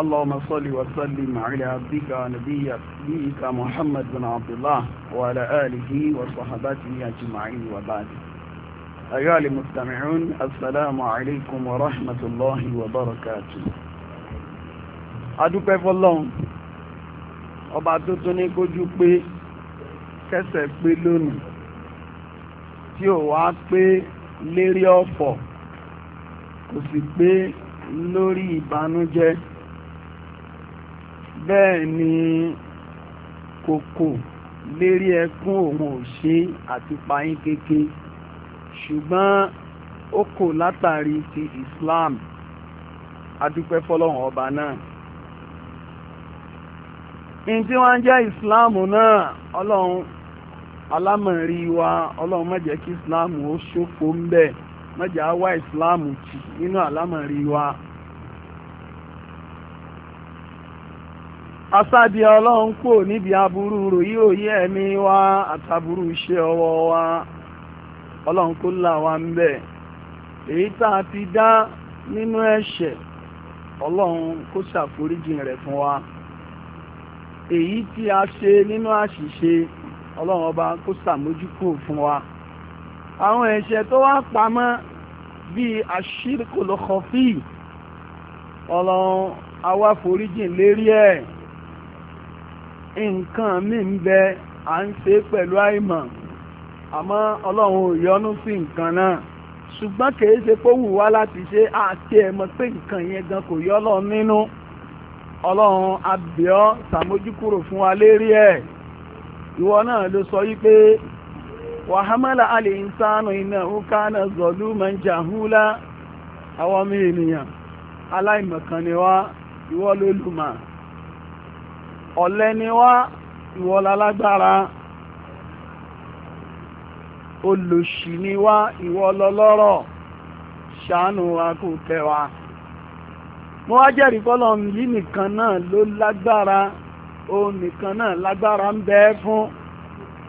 اللهم صل وسلم على عبدك ونبيك محمد بن عبد الله وعلى آله وصحباته أجمعين وبعد أيها المستمعون السلام عليكم ورحمة الله وبركاته adúpẹ́ fọ́lọ́run ọba tó tún ní kójú pé kẹsẹ̀ pé lónìí tí ò wá pé lérí ọ̀fọ̀ kò sì pé lórí ìbànújẹ́ bẹ́ẹ̀ ni kòkò lérí ẹkún òun ò ṣe àti payín kéke ṣùgbọ́n ó kò látàrí ti Islam adúpẹ́ fọlọ́run ọba náà ní wọ́n ń jẹ́ Islam náà ọlọ́run alámọ̀rí wa ọlọ́run kí Islam ó ṣòfò ń bẹ̀ má á wá Islam tì nínú alámọ̀rí wa asádi ọlọ́run kò níbi aburú ròyíròyí ẹ̀mí wa àtàbúrú iṣẹ́ ọwọ́ wa ọlọ́run kó là wá ń bẹ̀ èyí tá a ti dá nínú ẹ̀ṣẹ̀ ọlọ́run kó ṣàforíjì rẹ̀ fún wa èyí tí a ṣe nínú àṣìṣe ọlọ́run ọba kó ṣàmójúkò fún wa àwọn ẹ̀ṣẹ̀ tó wá pamọ́ bíi àṣírkòlòkọ̀fì ọlọ́run awáforíjì lérí ẹ̀. nǹkan mi ń bẹ à ń ṣe pẹ̀lú àìmọ̀ àmọ́ ọlọ́run ò sí nǹkan náà ṣùgbọ́n kì í ṣe pé wù ṣe àti ẹ̀ mọ̀ pé nǹkan yẹn gan kò yọ́ lọ nínú ọlọ́run fún wa lérí ẹ̀ ìwọ náà ló sọ yí pé wàhámàlà alẹ́ ìsánú iná zọ̀lú máa àwọn ọmọ ènìyàn aláìmọ̀kan ọ̀lẹ ni wá ìwọlá lágbára olùsì ni wá ìwọlọlọ́rọ̀ ṣàánú wa kò tẹ́ wa mo wá jẹ́rìí fọ́lọ́run yìí nìkan náà ló lágbára òun nìkan náà lágbára ń bẹ fún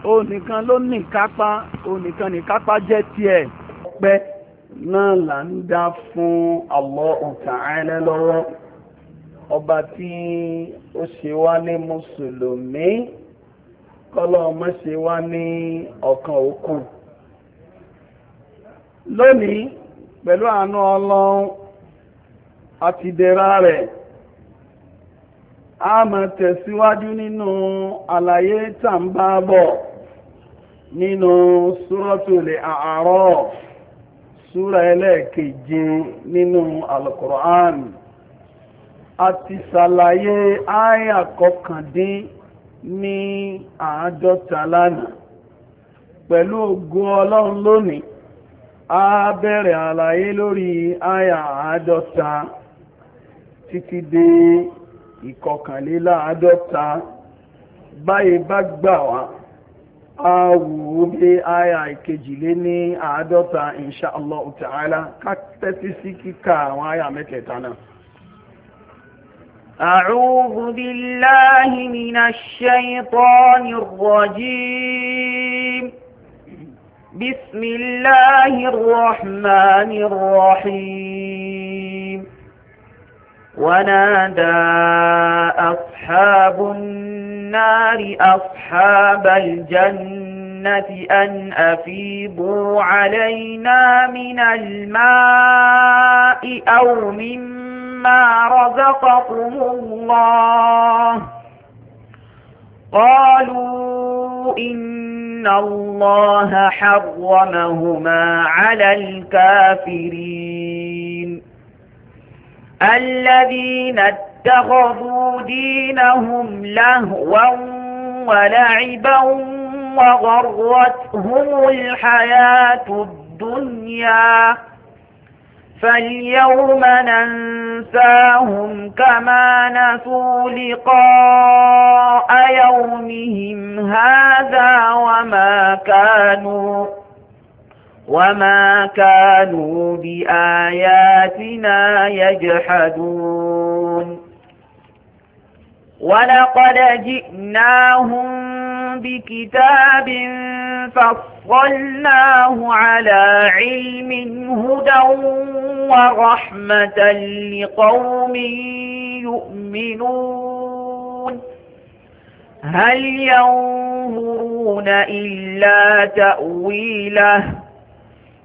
òun nìkan ló nìkápá òun nìkan nìkápá jẹ́ tiẹ̀ pẹ́ náà là ń dá fún Allah Ta'ala lọ́wọ́. ọba tí ó ṣe wá ní mùsùlùmí kọ́lọ́ ọmọ ṣe wá ní ọ̀kan òkun lónìí pẹ̀lú àánú ọlọ́run àti ìdẹ̀ra rẹ̀ a máa tẹ̀síwájú nínú àlàyé tàǹbàbọ̀ nínú Suratul A'raf súra ẹlẹ́ẹ̀keje nínú al a ti ṣàlàyé àyà kọkàndín ní àádọ́ta lánàá pẹ̀lú ògo ọlọ́run lónìí a bẹ̀rẹ̀ àlàyé lórí àyà àádọ́ta títí dé ìkọkànléláàádọ́ta báyìí bá gbà wá a wò ó bí àyà ìkejìlé ní àádọ́ta inṣàlọ́ ta'ala ká tẹ́tí sí kíkà àwọn àyà mẹ́tẹ̀ẹ̀ta náà أعوذ بالله من الشيطان الرجيم بسم الله الرحمن الرحيم ونادى أصحاب النار أصحاب الجنة أن أفيضوا علينا من الماء أو من مما رزقكم الله قالوا إن الله حرمهما على الكافرين الذين اتخذوا دينهم لهوا ولعبا وغرتهم الحياة الدنيا فاليوم ننساهم كما نسوا لقاء يومهم هذا وما كانوا وما كانوا بآياتنا يجحدون ولقد جئناهم بكتاب فصل وَفَضَّلْنَاهُ عَلَى عِلْمٍ هُدًى وَرَحْمَةً لِقَوْمٍ يُؤْمِنُونَ هَلْ يَنظُرُونَ إِلَّا تَأْوِيلَهُ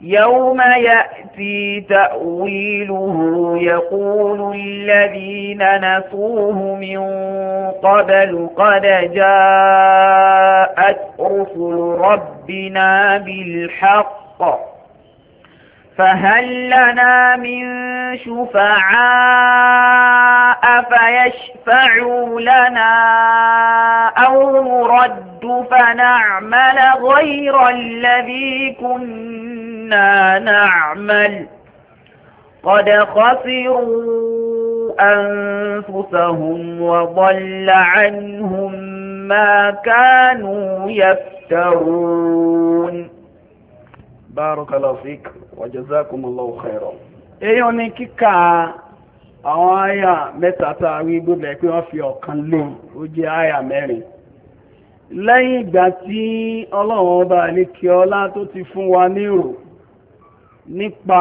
يوم يأتي تأويله يقول الذين نسوه من قبل قد جاءت رسل ربنا بالحق فهل لنا من شفعاء فيشفعوا لنا أو نرد فنعمل غير الذي كنا نعمل قد خسروا أنفسهم وضل عنهم ما كانوا يفترون barakallahu fik wa jazakumullahu khairan èyàn ni kíkà àwọn àyà mẹ́ta tá a rí gbọ́dọ̀ pé wọ́n fi ọ̀kan lé o jẹ́ àyà mẹ́rin lẹ́yìn ìgbà tí ọlọ́run ọba àlékiọlá tó ti fún wa nírò nípa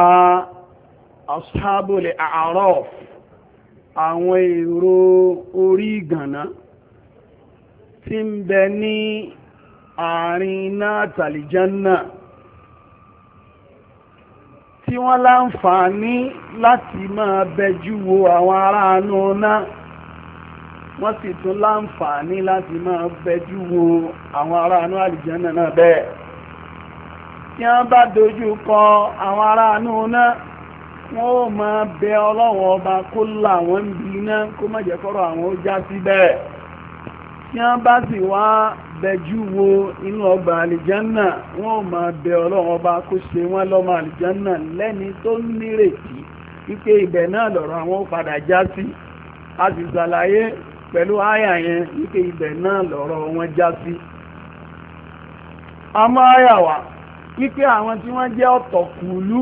àwọn èrò orí tí ń bẹ ní àárín náà náà tí wọ́n láǹfààní láti máa bẹjú wo àwọn anú ọ̀nà wọ́n sì tún láǹfààní láti máa bẹjú wo àwọn aráàánú àlìjánà náà bẹ́ẹ̀ tí wọ́n bá dojú kọ àwọn anú ọ̀nà wọ́n ó máa bẹ ọlọ́wọ́ ọba kó ń bi iná kó má jẹ́ kọ́rọ̀ bẹjú wo inú ọgbà àlìjánà wọ́n máa bẹ ọlọ́run ọba kó ṣe wọ́n lọ́mọ àlìjánà lẹ́ni tó nírètí wípé ibẹ̀ náà lọ̀rọ̀ àwọn padà já sí a sì ṣàlàyé pẹ̀lú àyà yẹn wípé ibẹ̀ náà lọ̀rọ̀ wọn já sí. a mọ́ àyà wá wípé àwọn tí wọ́n jẹ́ ọ̀tọ̀kùlú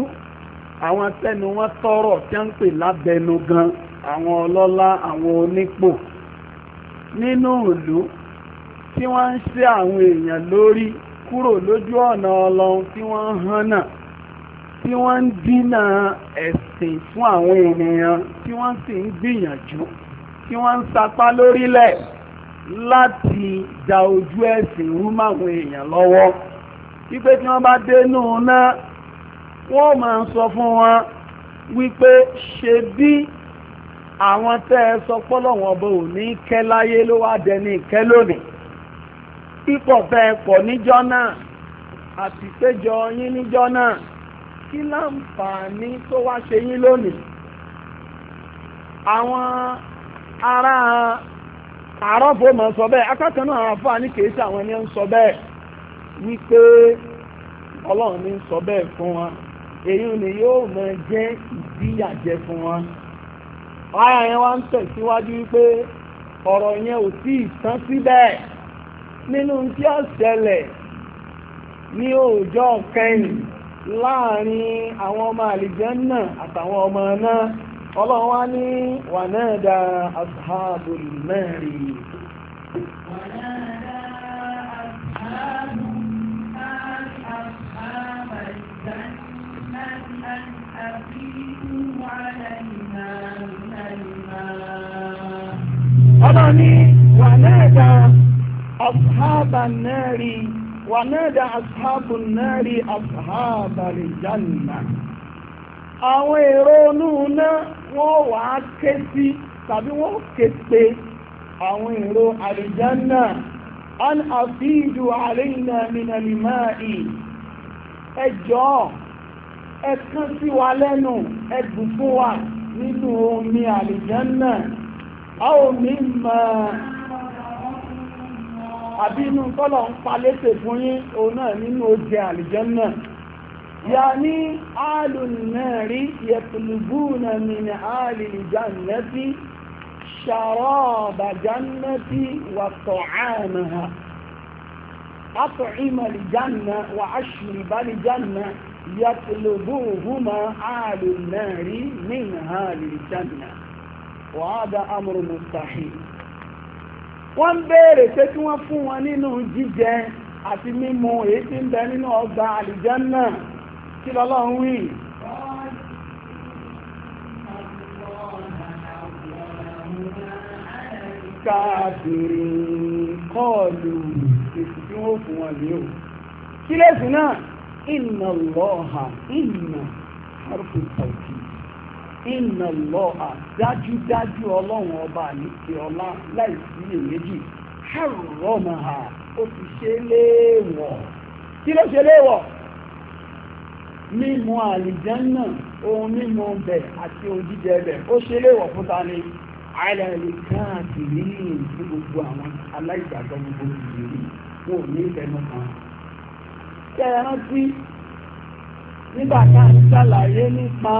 àwọn tẹnu wọn tọrọ tí wọ́n ń pè lábẹnugan àwọn ọlọ́lá àwọn onípò nínú ìlú. No, tí wọ́n ń ṣe àwọn èèyàn lórí kúrò lójú ọ̀nà ọlọ́run tí wọ́n ń hànà tí wọ́n ń dínà ẹ̀sìn fún àwọn ènìyàn tí wọ́n sì ń gbìyànjú tí wọ́n ń sapá lórílẹ̀ láti da ojú ẹ̀sìn rú máwọn èèyàn lọ́wọ́ wípé tí wọ́n bá dénú náà wọ́n máa ń sọ fún wọn wípé ṣe bí àwọn tẹ́ ẹ sọ pé Ọlọ́run ní kẹ́ ló wá dẹni ìkẹ́ pípọ̀ fẹ́ pọ̀ níjọ́ náà àti péjọ yín níjọ́ náà kí láǹfààní tó wá ṣe yín lónìí àwọn ará àárọ̀fó mọ̀ sọ bẹ́ẹ̀ akẹ́kọ̀ọ́ náà àwọn afáàní kìí ṣe àwọn ẹni ń sọ bẹ́ẹ̀ wípé ọlọ́run ní sọ bẹ́ẹ̀ fún wa èyí ni yóò mọ jẹ́ ìdíyàjẹ fún wa wáyà yẹn wá ń tẹ̀síwájú wípé ọ̀rọ̀ yẹn ò tí ì tán síbẹ̀. nínú tí ó ṣẹlẹ̀ ní ọjọ́ kẹyìn láàrin àwọn ọmọ àlìjẹ́nà àtàwọn ọmọ náà ní wà náà da ashabul nari ọlọ́run wà náà أصحاب النار ونادى أصحاب النار أصحاب الجنة ashabal janna àwọn èrò inú náà wọ́n wà á ké sí tàbí wọ́n ké pe àwọn èrò àlìjánà an afidu alayna min al-ma'i ẹ jọ̀ọ́ sí wa lẹ́nu ẹ bù fún wa nínú omi àlìjánà a ò máa àbí inú tọ́lọ̀ ń pa létè fún yín òun náà nínú oúnjẹ àlìjẹ́nnà ya ní alùnẹ́rí yẹtùlùbùnà min alìjẹ́nnẹ́tì ṣàrọ́ọ̀bà jẹ́nnẹ́tì wà tọ̀ánà أطعم الجنة وأشرب الجنة يطلبوهما آل النار من آل الجنة وهذا أمر مستحيل wọ́n ń béèrè pé kí wọ́n fún wọn nínú jíjẹ àti mímu èyí tí ń bẹ nínú ọgbà àlìjánà kí lọ́lọ́run wí káàkiri kọlù èsì tí wọ́n fún wọn ní o kí náà inna Allaha inna harfi tawkid iná lọ àdájúdájú ọlọ́run ọba àníkè ọlá láìsí èméjì hàrọ̀mọ̀ ha ó ti ṣe léèwọ̀ kí ló ṣe léèwọ̀ mímu àlìjánà ohun mímu bẹ̀ àti ohun jíjẹ bẹ̀ ó ṣe léèwọ̀ fún ta ni àìlẹ́rìí káàkiri fún gbogbo àwọn aláìgbàgbọ́ gbogbo ìrírí wọn ò ní ìfẹ́nu kan. kẹ́ ẹ rántí nígbà tá à ń ṣàlàyé nípa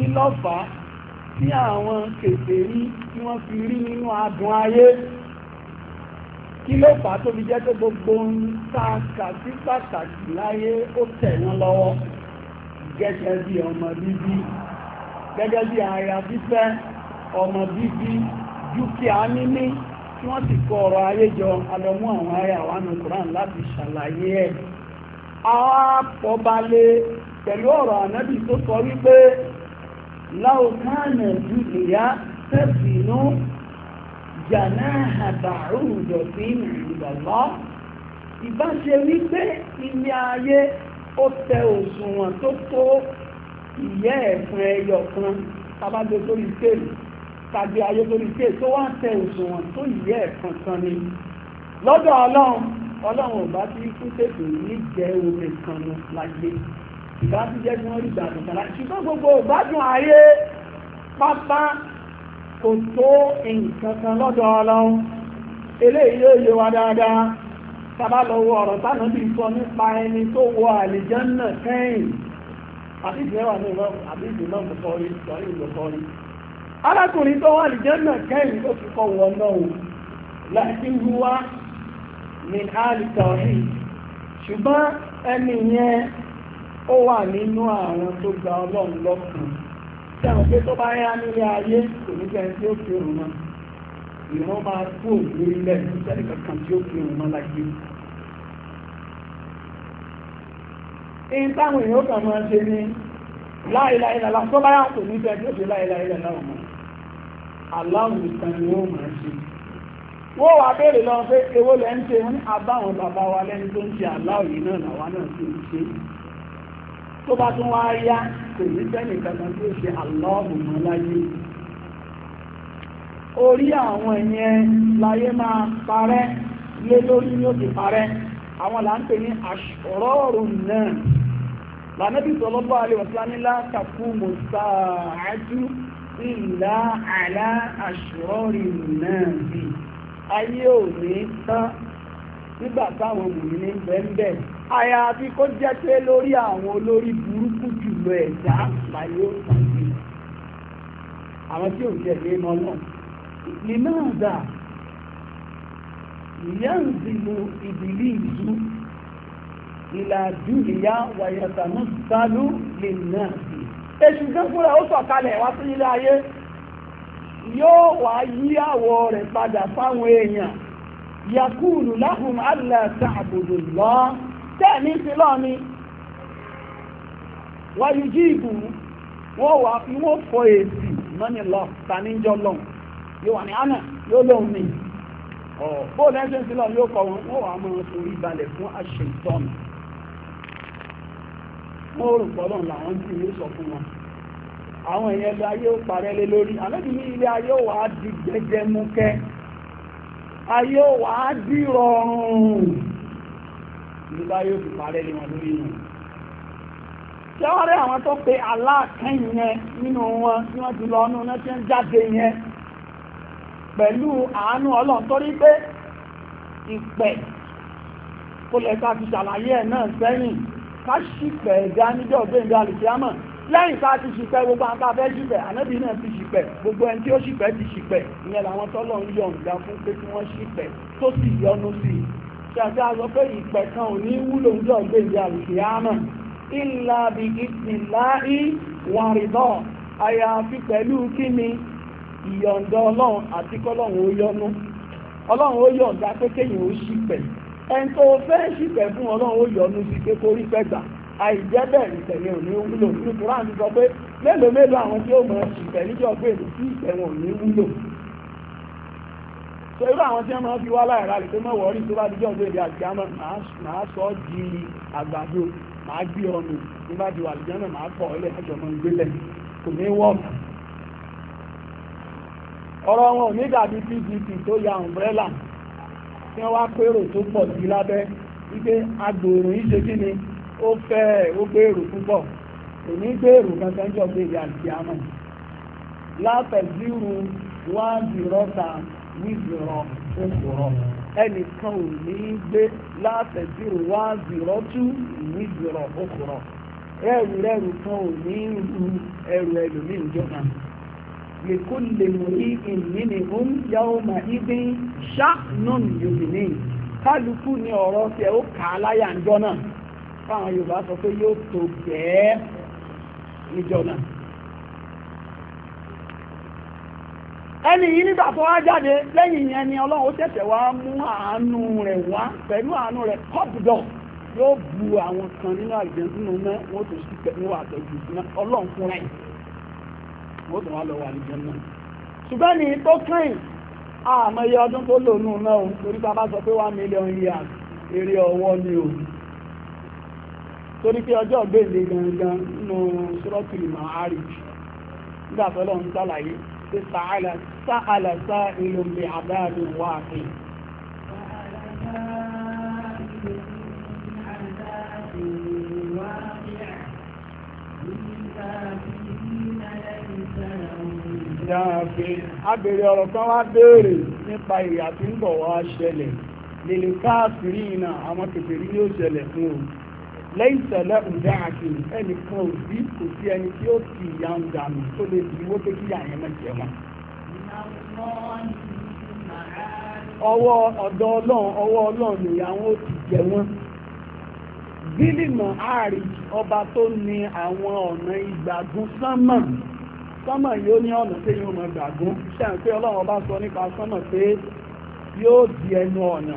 kí ló fà á tí àwọn kèfèrí tí wọ́n fi rí nínú adùn ayé kí ló fà á tó fi jẹ́ pé gbogbo ń ta kàtí pàtàkì láyé ó tẹ̀ wọ́n lọ́wọ́ gẹ́gẹ́ bí ọmọ bíbí gẹ́gẹ́ bí aya fífẹ́ ọmọ bíbí dúkìá níní tí wọ́n ti kọ ọ̀rọ̀ ayé jọ alọ́mú àwọn aya àwọn Qur'an láti ṣàlàyé ẹ̀ àwọn àpọ̀balẹ̀ pẹ̀lú ọ̀rọ̀ ànábì tó sọ wípé láwọn kánà ju ìyá tẹ̀sínú jàná àtàrùn ìjọsí ìrìnlọ́lọ́ ìbáṣe wípé ilé ayé ó tẹ òṣùwọ̀n tó tó ìyẹ́ ẹ̀fún ẹyọ kan tábàgbé sórí téèlì tàbí ayé lórí tí èso wá tẹ òṣùwọ̀n tó yẹ ẹ̀kan kan ni lọ́dọ̀ ọlọ́run ọlọ́run ò bá ti kú tètè ní jẹ́ omi kan mu láyé ìbájú jẹ́ kí wọ́n rí ìgbàdùn tàbí ṣùgbọ́n gbogbo ìgbádùn ayé pápá kò tó nǹkan kan lọ́dọ̀ ọlọ́run eléyìí yóò yé wa dáadáa sábà lọ́wọ́ ọ̀rọ̀ tánà bí sọ nípa ẹni tó wọ àlìjánà kẹ́yìn àbí ìdílẹ́wà ní ìlọ́ àbí ìdílọ́ ìlọ́kọ́rí sọrí ìlọ́kọ́rí alákùnrin tó wọ àlìjánà kẹ́yìn ó ti kọ́ wọ náà láti wúwá ní àlìkọ̀ọ́rí ṣùgbọ́n ẹni yẹn ó wà nínú àwọn tó gba ọlọ́run lọ́kàn tí àwọn pé tó bá yá nílé ayé kò ní kẹ́ tí ó fi òun mọ́ ìwọ́n máa kú òkú ilẹ̀ sẹ́ni kankan tí ó fi òun mọ́ láyé. ìyìn táwọn èèyàn kan máa ṣe ní láìláìlàlá tó bá yá kò ní kẹ́ tí ó fi láìláìlàlá ọmọ aláwọ̀ ìtàn ni wọ́n máa ṣe wọ́n wá béèrè lọ pé ewó lẹ́ ń àbáwọn bàbá wa lẹ́ni tó ń ṣe aláwọ̀ yìí náà làwa náà sì ń ṣe tó bá tún wá yá kò ní sẹ́nì kankan tó ṣe àlọ́ọ̀bù mọ́ láyé orí àwọn ìyẹn láyé máa parẹ́ lé lórí ní òkè parẹ́ àwọn là ń pè ní àṣọrọ́ọ̀rù náà lànàbí sọlọ́bọ̀ àlèwọ̀sánilá kàkú mùsàájú ìlà àlá àṣọrọ́ọ̀rù náà bí ayé ò ní tán nígbà táwọn obìnrin ní bẹ́ẹ̀nbẹ́ àyàfi kó jẹ́ pé lórí àwọn olórí burúkú jùlọ ẹ̀dá láyé òsàgbé àwọn tí ò jẹ́ lé mọ́ náà ìnáàdà ìyáǹzìlú ìdílé ìlú ìlàdúnìyá wàyàtàmú sálú lè náà sí èṣù gẹ́gbúra ó sọ̀kalẹ̀ wá sí ilé ayé yóò wá yí àwọ̀ rẹ̀ padà fáwọn èèyàn yàkúùlù láhùn aláta àbòdò lọ tẹ́ẹ̀mí sí lọ ni wáyú jí ìbù wọ́n wà wọ́n fọ èsì mọ́ni lọ tàníjọ́ lọ yóò wà ní àná yóò lóun ni bó si lọ yóò kọ wọn wa wà máa forí balẹ̀ fún àṣẹ ìtọ́nù wọ́n rò pọ̀ lọ́nà làwọn won ìlú sọ fún wọn àwọn èèyàn ilé ayé ó parẹ́ lé lórí ní ilé ayé ó wà á di ayé wà á ọrùn ọ̀run nígbà yóò fi parẹ́ lè wọn lórí ìrìn tí wọ́n rí àwọn tó pe aláàkẹ́yìn yẹn nínú wọn tí lọ náà tí ń jáde yẹn pẹ̀lú àánú ọlọ́run torí pé kó fi ṣàlàyé ẹ̀ náà sẹ́yìn ká ẹ̀dá níjọ́ lẹ́yìn tá a ti ṣìpẹ̀ gbogbo àwọn abẹ́ ṣìpẹ̀ ànábì náà ti ṣìpẹ̀ gbogbo ẹni tí ó ṣìpẹ̀ ti ṣìpẹ̀ ìyẹn làwọn tọ́lọ̀ ń yọ ǹda fún pé kí wọ́n ṣìpẹ̀ tó sì yọnu sí i ṣàṣà sọ pé ìpẹ̀ kan ò ní wúlò ń dọ̀gbé ìdí àrùkì àmọ́ ìlà bí ìsìnláì wàrìdọ̀ àyàfi pẹ̀lú kíni ìyọ̀ǹda ọlọ́run àti kọ́lọ́run ó yọnu ọlọ́run ó yọ̀ǹda a ìtẹ̀lẹ̀ òní wúlò ní Quran sọ pé mélòó mélòó àwọn tí ó mọ̀ ìtẹ̀lẹ́jọ́ pé èdè ìtẹ̀wọ̀n òní wúlò so irú àwọn tí wọ́n máa fi wá láìra rí tó bá pé èdè màá sọ ọ́ di àgbàdo màá gbé bá di wàlìjọ́ náà màá pọ̀ ilé ẹjọ́ mọ́ kò ní ya tí wọ́n wá pérò tó pọ̀ sí lábẹ́ wípé ni ó fẹ́ ó gbèrò púpọ̀ kò gbèrò kankan jọ gbèrè àti àmọ́ látẹ̀síru wá zìrọ́ta wí zìrọ̀ ó zìrọ̀ ẹnìkan ò ní gbé látẹ̀síru wá kan ò ní ru ẹrù ẹlòmíì jọba lèkó lè mú ìhìn nínú ń yá ó máa ibi ni ọ̀rọ̀ tẹ ó kà á láyà ńjọ́ náà. fáwọn Yorùbá sọ pé yóò tó gẹ́ẹ́ níjọ náà ẹni yìí nígbà tó wá jáde lẹ́yìn yẹn ni Ọlọ́run ó ṣẹ̀ṣẹ̀ wá mú àánú rẹ̀ wá pẹ̀lú àánú rẹ̀ kọ́pùdọ̀ yóò bu àwọn kan nínú àjẹsínú náà wọ́n tó sì pẹ̀lú àtọ́jú náà Ọlọ́run fúnra ẹ̀ wọ́n tó wá lọ wà níjọ náà ṣùgbọ́n ní tó kàn àmọ́ iye ọdún tó lò nù náà torí bàbá sọ pé one million years eré ọwọ́ ni òun torí pé ọjọ́ gbèsè gangan nínú sọ́rọ́tìlì màárì nígbà tọ́lọ̀ ń sàlàyé pé sàálà sá ìlú mi àdáàbí wà pé Abèrè ọ̀rọ̀ kan wá béèrè nípa ìyà tí ń bọ̀ wá ṣẹlẹ̀. Lèlè káàkiri ìnà àwọn kèfèrí yóò ṣẹlẹ̀ fún òun. lẹ́yìn tẹ̀lé ọ̀dà àkìrì ẹnìkan ò sí kò ẹni tí ó ti ìyá ń dànù tó lè di owó pé kí àyẹ̀ mọ̀ wọn. ọwọ́ ọ̀dọ̀ ọlọ́run ọwọ́ ọlọ́run nìyà ti jẹ wọn. ọba tó ní àwọn ọ̀nà ìgbàgún sánmà sánmà yóò ní ọ̀nà pé sọ yóò di ọ̀nà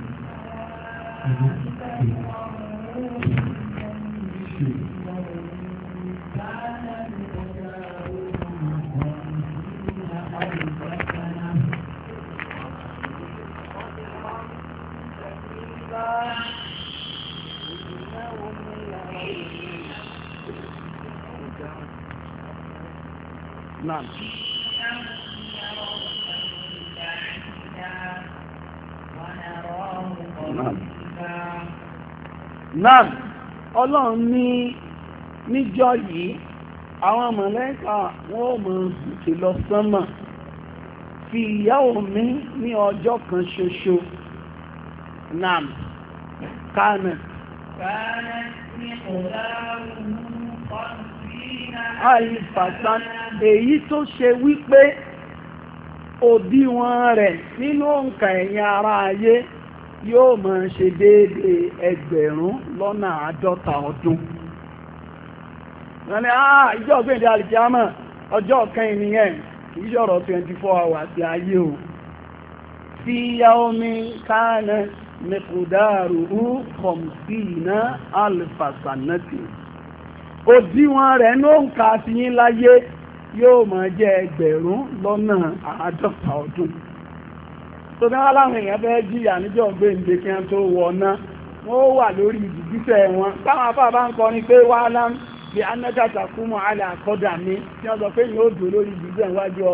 نعم نعم náà ọlọ́run ní níjọ́ yìí àwọn mọ̀lẹ́kà wọ́n ò mọ̀ òkè lọ sánmà fi mi ní ọjọ́ kan ṣoṣo náà kánà. kánà ní ọ̀la òun àìfàsá èyí tó ṣe wípé wọn rẹ nínú ẹ̀yìn ara yóò máa ṣe déédéé ẹgbẹ̀rún lọ́nà àádọ́ta ọdún wọ́n ní àà ah, ìjọ́ ọ̀gbìn alìkíámà ọjọ́ kan ìnìyàn kìí ṣọ̀rọ̀ 24 hours ayé o sí yaomi kánà mẹ́kùdáàrù kọ̀m̀síìnà alfasanati òdiwọ̀n rẹ̀ ní òǹkà sí yín láyé yóò máa jẹ́ ẹgbẹ̀rún lọ́nà àádọ́ta ọdún tó aláwọn èèyàn fẹ́ jìyà níjọ́ gbéǹde kí wọ́n tó wọ lori wọ́n wà lórí wọn táwọn afá bá ń kọ ní pé wá lám bí anágàtà kú mọ́ alẹ́ àkọ́dà mi tí wọ́n sọ pé yóò dò lórí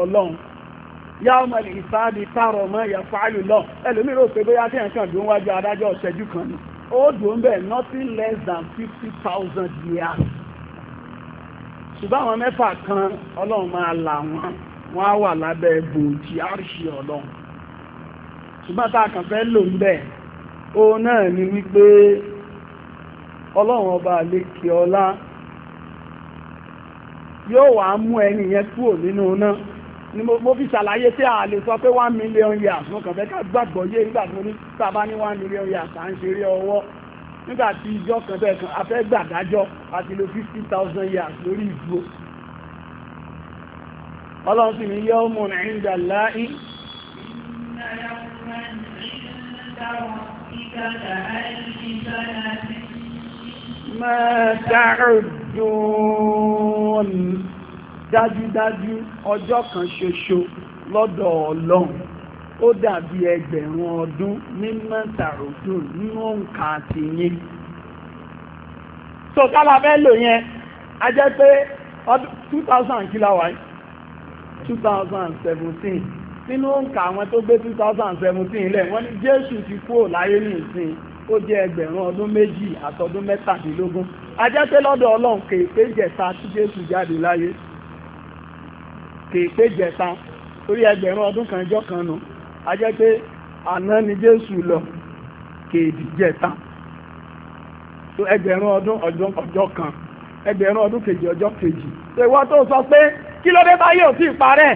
ọlọ́run yá ọmọ tààrọ̀ mọ́ lọ ẹlòmíràn ò pé bóyá tí ẹ̀kan dùn wájú adájọ́ ọ̀ṣẹ́jú kan ni ó dùn less than fifty thousand years ṣùgbọ́n àwọn kan ọlọ́run máa là wọ́n á wà lábẹ́ àríṣì ṣùgbọ́n tá a kàn fẹ́ lò ń bẹ̀ ó náà ni wípé ọlọ́run ọba àlékè ọlá yóò wá mú ẹni yẹn kúrò nínú náà ni mo fi ṣàlàyé tí a lè sọ pé one million years mo kàn fẹ́ ká gbàgbọ́ yé nígbà tó ní sábà ní one million years à ń ṣeré ọwọ́ nígbà tí ìjọ kan bẹ́ẹ̀ kan a fẹ́ gbàdájọ́ àti lo fifty thousand years lórí ìdúró ọlọ́run sì ní yẹ́ ọmọ nàìjíríà láì. Ma عند ربك كألف سنة dájúdájú ọjọ́ kan ṣoṣo lọ́dọ̀ ọlọ́run ó dàbí ẹgbẹ̀rún ọdún ní mẹ́tàrúndùn nínú òǹkà àti yín. tó ká la fẹ́ lò yẹn a jẹ́ pé ọdún two thousand kí two thousand seventeen nínú òǹkà àwọn tó gbé 2017 lẹ̀ wọ́n ní jésù ti kúrò láyé ní ìsìn ó jẹ́ ẹgbẹ̀rún ọdún méjì àtọdún mẹ́tàdínlógún ajẹ́pẹ́ lọ́dọ̀ ọlọ́run kèèpé jẹta tí jésù jáde láyé kèèpé jẹta torí ẹgbẹ̀rún ọdún kan jọ́ kan nù ajẹ́pẹ́ àná ni jésù lọ kèèdì jẹta tó ẹgbẹ̀rún ọdún ọjọ́ kan ẹgbẹ̀rún ọdún kejì ọjọ́ kejì tó ìwọ́n tó sọ pé kí ló dé báyìí ò tí ì parẹ́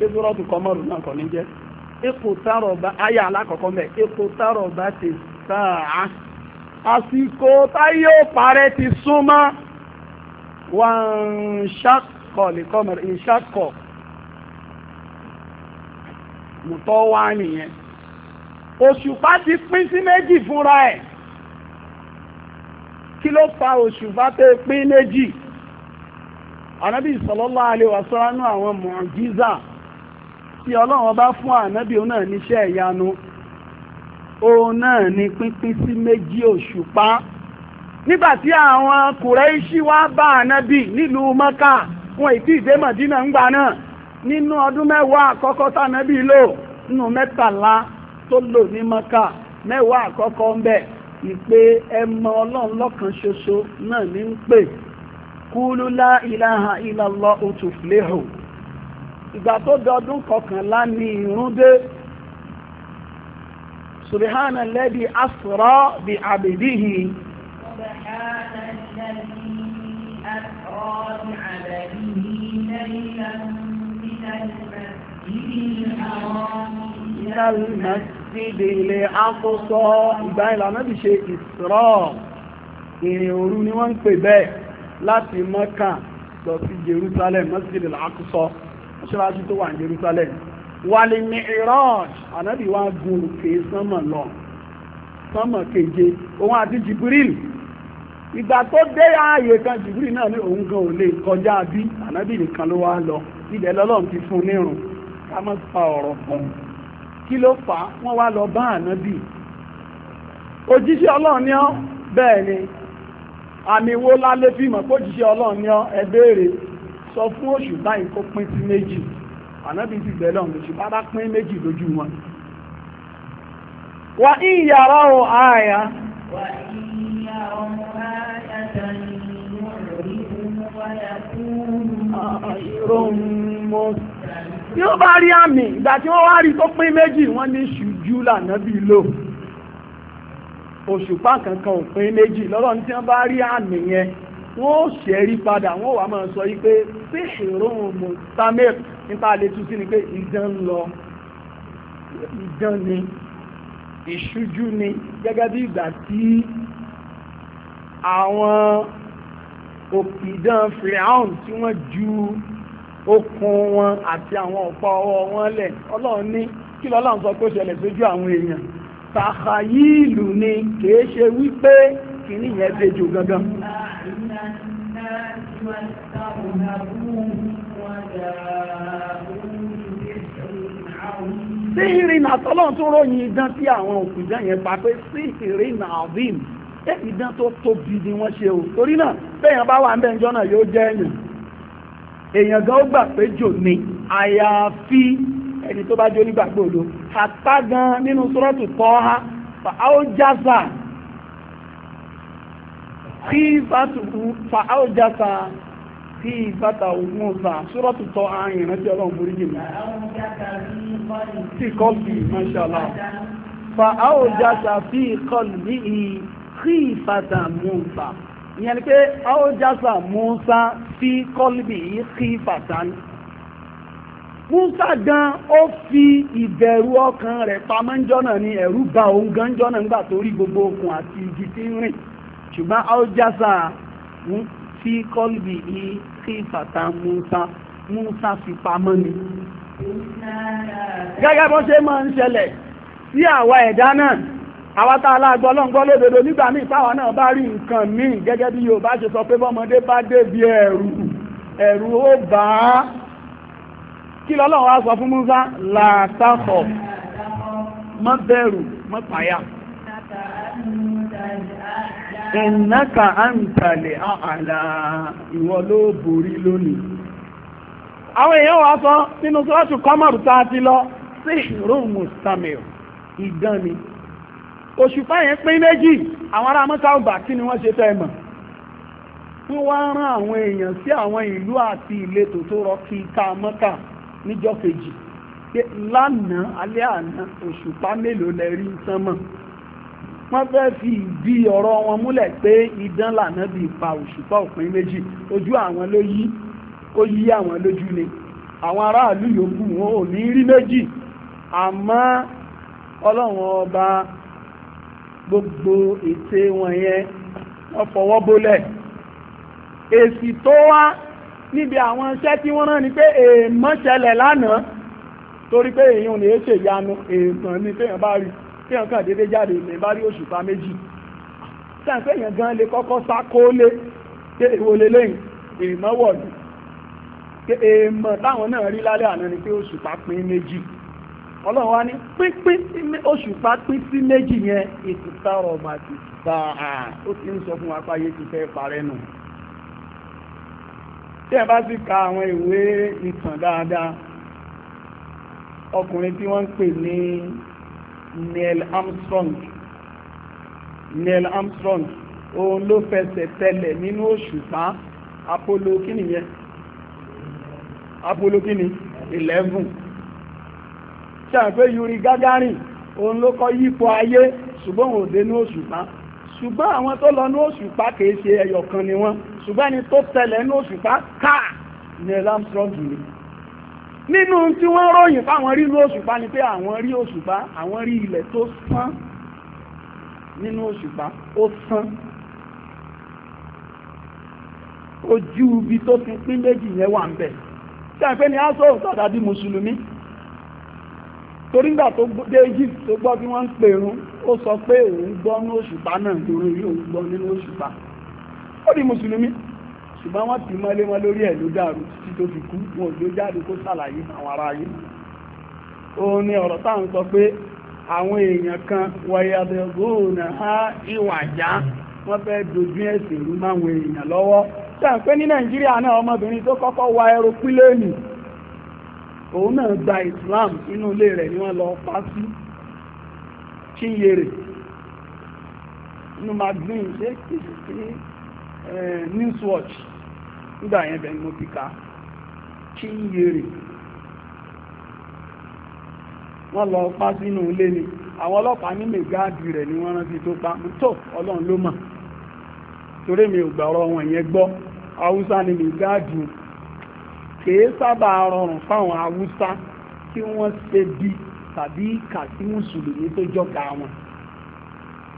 ṣé sọ́rọ́tù kọmọ́rù náà kọ́ ní jẹ́ ipò tààrọ̀ bá ayé alákọ̀ọ́kọ́ mẹ́ ipò tààrọ̀ bá ti sáà àsìkò táyé ti súnmọ́ wà ń ṣàkọ̀ nìkan mẹ́rin ń ṣàkọ̀ mùtọ́ wá nìyẹn òṣùpá ti pín sí méjì fúnra ẹ̀ kí ló fa òṣùpá tó tí ọlọ́run bá fún ànábì òun náà níṣẹ́ ìyanu òun náà ni pínpín sí méjì òṣùpá nígbà tí àwọn kùrẹ́ṣí wá bá ànábì nílùú mọ́kà wọn ìtì ìdé mọ̀dínà ńgbà náà nínú ọdún mẹ́wàá àkọ́kọ́ tànábì lò nínú mẹ́tàlá tó lò ní mọ́kà mẹ́wàá àkọ́kọ́ ń bẹ̀ ìpè ẹmọ ọlọ́run lọ́kan ṣoṣo náà ní ń pè kúlú lá ìlàhà ìlàlọ́ òtúfléhùn ìgbà tó dọdún kọkànlá ni ìrun dé subhana lẹ́bi asra bi abidihi subhana lẹ́bi asra bi abidihi lẹ́yìn Ìlàlmàsídì ilẹ̀ akọ́sọ́ ìgbà ìlànà bí ṣe ìsra ìrìn òru ni wọ́n ń pè bẹ́ẹ̀ láti Mọ́kà lọ sí Jerusalem, Masjid al-Aqsa ṣíwájú tó wà ní Jerusalem wàlì mi'raj ànábì wá gun òkè sánmọ̀ lọ sánmọ̀ keje òun àti Jibril ìgbà tó dé ààyè kan Jibril náà ní òun gan ò lè kọjá bí ànábì nìkan ló wá lọ ibẹ̀ lọ́lọ́run ti fún nírun ká má pa ọ̀rọ̀ kan kí ló fà á wọ́n wá lọ bá ànábì òjíṣẹ́ ọlọ́run ni ọ́ bẹ́ẹ̀ ni àmì wo lálé fíìmọ̀ kó òjíṣẹ́ ọlọ́run ni ọ́ ẹ béèrè sọ fún oṣù báyìí kó pín sí méjì ànábì ti bẹ̀rẹ̀ lọ́n lóṣù bá bá pín méjì lójú wọn. wà ní ìyàrá o àyà. wà ní ìyàrá o àyà tani mo rí mú wáyà fún ìrọ̀mọ́. Ah, tí ó bá rí àmì ìgbà tí wọ́n wá rí tó pín méjì wọ́n ní ṣùjú lànàbì lò òṣùpá kankan ò pín méjì lọ́dọ̀ ní tí wọ́n bá rí àmì yẹn wọ́n ṣẹ̀rí padà wọ́n wà máa sọ wípé pé ìrún mustamir nípa lè tún sí ni pé ìdán lọ ìdán ni ìṣújú ni gẹ́gẹ́ bí ìgbà tí àwọn òpìdán fìràún tí wọ́n ju okùn wọn àti àwọn ọ̀pá ọwọ́ wọn lẹ̀ ọlọ́run ní kí lọ́lọ́run sọ pé ó ṣẹlẹ̀ sójú àwọn èèyàn tàkàyí ìlú ni kìí ṣe wípé kìíní yẹn dejo gangan. من الناس واسترهبوه وجاءوه síhìrì náà tọ́lọ́n tó ròyìn idán tí àwọn òkùnjẹ́ yẹn pa pé síhìrì náà àbím idán tó tóbi ni wọ́n ṣe o torí náà bẹ́yàn bá wà níbẹ̀ ìjọ náà yóò jẹ́ èèyàn èèyàn gan ó gbà pé jò ní àyàfi ẹni tó bá jó nígbàgbọ́ òdo àtàgán nínú sọ́rọ́tù tọ́ ha ó jásà khifatuhu fa awjasa fi bàtà ogun ọ̀sà sọ́rọ̀tù tọ́ ààyìn rántí ọlọ́run borí jì mọ́ tí kọ́lbì mashallah fa awjasa fi kọ́lbì khifata Musa ìyẹn ni pé awjasa Musa fi kọ́lbì khifata ni Musa gan ó fi ìbẹ̀rù ọkàn rẹ̀ pamọ́ ń jọ́nà ni ẹ̀rù bà òun gan jọ́nà nígbà tó rí gbogbo okùn àti igi tí ń rìn ṣùgbọ́n aljasa hmm, fi kọ́lbì yìí kí fàtà musa musa fi pamọ́ ni gẹ́gẹ́ bó ṣe máa ń ṣẹlẹ̀ sí àwa ẹ̀dá náà àwátá aláàgbọ́lọ́ngbọ́ lódodo nígbà míì táwa náà bá rí nǹkan míì gẹ́gẹ́ bí Yorùbá ṣe sọ pé bọ́mọdé bá débi ẹ̀rù ẹ̀rù ó bá kí lọ́lọ́run wá sọ fún Musa làtàkọ̀ má bẹ̀rù ẹ̀nàkà àǹtàlẹ̀ àlà ìwọ ló borí lónìí àwọn èèyàn wá sọ nínú sọ́ọ̀tù kọ́mọ̀rù tá a ti lọ sí rúùmù samuel ìdán ni pín méjì àwọn ará mọ́ta ọgbà kí ni wọ́n ṣe fẹ́ mọ̀ wọ́n wá rán àwọn èèyàn sí àwọn ìlú àti ìletò tó rọ kí ká mọ́ta níjọ́ kejì lánàá alẹ́ wọ́n fẹ́ fi ìdí ọ̀rọ̀ wọn múlẹ̀ pé idán lànà bí ipa òṣùpá òpin méjì ojú àwọn ló yí ó yí àwọn lójú ni àwọn aráàlú yòókù wọn ò ní rí méjì àmọ́ ọlọ́run ọba gbogbo ète wọn yẹn wọ́n fọwọ́ bólẹ̀ èsì tó wá níbi àwọn iṣẹ́ tí wọ́n rán ni pé èèmọ̀ ṣẹlẹ̀ lánàá torí pé èèyàn lè ṣèyanu èèmọ̀ ní téèyàn bá rí i kí èèyàn kàn déédéé jáde ní bá rí òṣùpá méjì sáà pé èèyàn gan lè kọ́kọ́ sá kólé pé èwo lélẹ́yìn èèmọ̀ wọ̀lú pé èèmọ̀ táwọn náà rí lálẹ́ àná ni pé òṣùpá pín méjì ọlọ́run wá ní pínpín sí òṣùpá pín sí méjì yẹn ìtìta ọ̀rọ̀ àti ìtìta ó ti ń sọ fún wa páyé ti fẹ́ parẹ́ nù tí ẹ bá sì ka àwọn ìwé ìtàn dáadáa ọkùnrin tí wọ́n ń pè ní Neil Armstrong Neil Armstrong òun ló fẹsẹ̀ tẹlẹ̀ nínú òṣùpá Apollo kíni yẹn Apollo kíni eleven ṣàpẹ́ Yuri Gagarin òun ló kọ́ yípo ayé ṣùgbọ́n òun ò dé ní òṣùpá ṣùgbọ́n àwọn tó lọ ní òṣùpá kìí ṣe ẹyọ̀kan ni wọ́n ṣùgbọ́n ẹni tó tẹlẹ̀ ní òṣùpá káà Neil Armstrong yìí nínú tí wọ́n ròyìn fáwọn rí òṣùpá ni pé àwọn rí òṣùpá àwọn rí ilẹ̀ tó sán nínú òṣùpá ó sán ojú ibi tó ti pín méjì yẹn wà ń bẹ̀ tí a ń pẹ́ ni aṣọ òǹtàdà bí mùsùlùmí torí nígbà tó dé Egypt tó gbọ́ bí wọ́n ń pèrún ó sọ pé òun gbọ́ ní òṣùpá náà torí òun gbọ́ nínú òṣùpá ó di mùsùlùmí ṣùgbọ́n wọ́n ti mọ́lé wọn lórí ẹ̀ ló dàrú títí tó fi kú wọn ló jáde kó ṣàlàyé àwọn ará ayé òun ni ọ̀rọ̀ táwọn sọ pé àwọn èèyàn kan wọ̀yàdẹ̀gbòòrùn ha ìwàjá wọ́n fẹ́ dojú ẹ̀sìn rú máwọn èèyàn lọ́wọ́ tàn pé ní nàìjíríà náà ọmọbìnrin tó kọ́kọ́ wa ẹropílẹ́ẹ̀nì òun náà gba islam inú ilé rẹ̀ ni wọ́n lọ pa sí Chinyere inú magazine ṣe kìí Eh, newswatch nígbà yẹn bẹ̀rẹ̀ mo ti ka Chinyere wọ́n lọ pa sínú ilé ni àwọn ọlọ́pàá ní mẹ́gáàdì rẹ ni wọn rántí tó pa tó ọlọrun ló mọ̀ torí mi ò gbà ọ̀rọ̀ wọn yẹn gbọ́ haúsá ni mẹ́gáàdì kìí sábà rọrùn fáwọn haúsá tí wọ́n ṣe bí tàbí ìkà sí mùsùlùmí tó jọ́ka wọn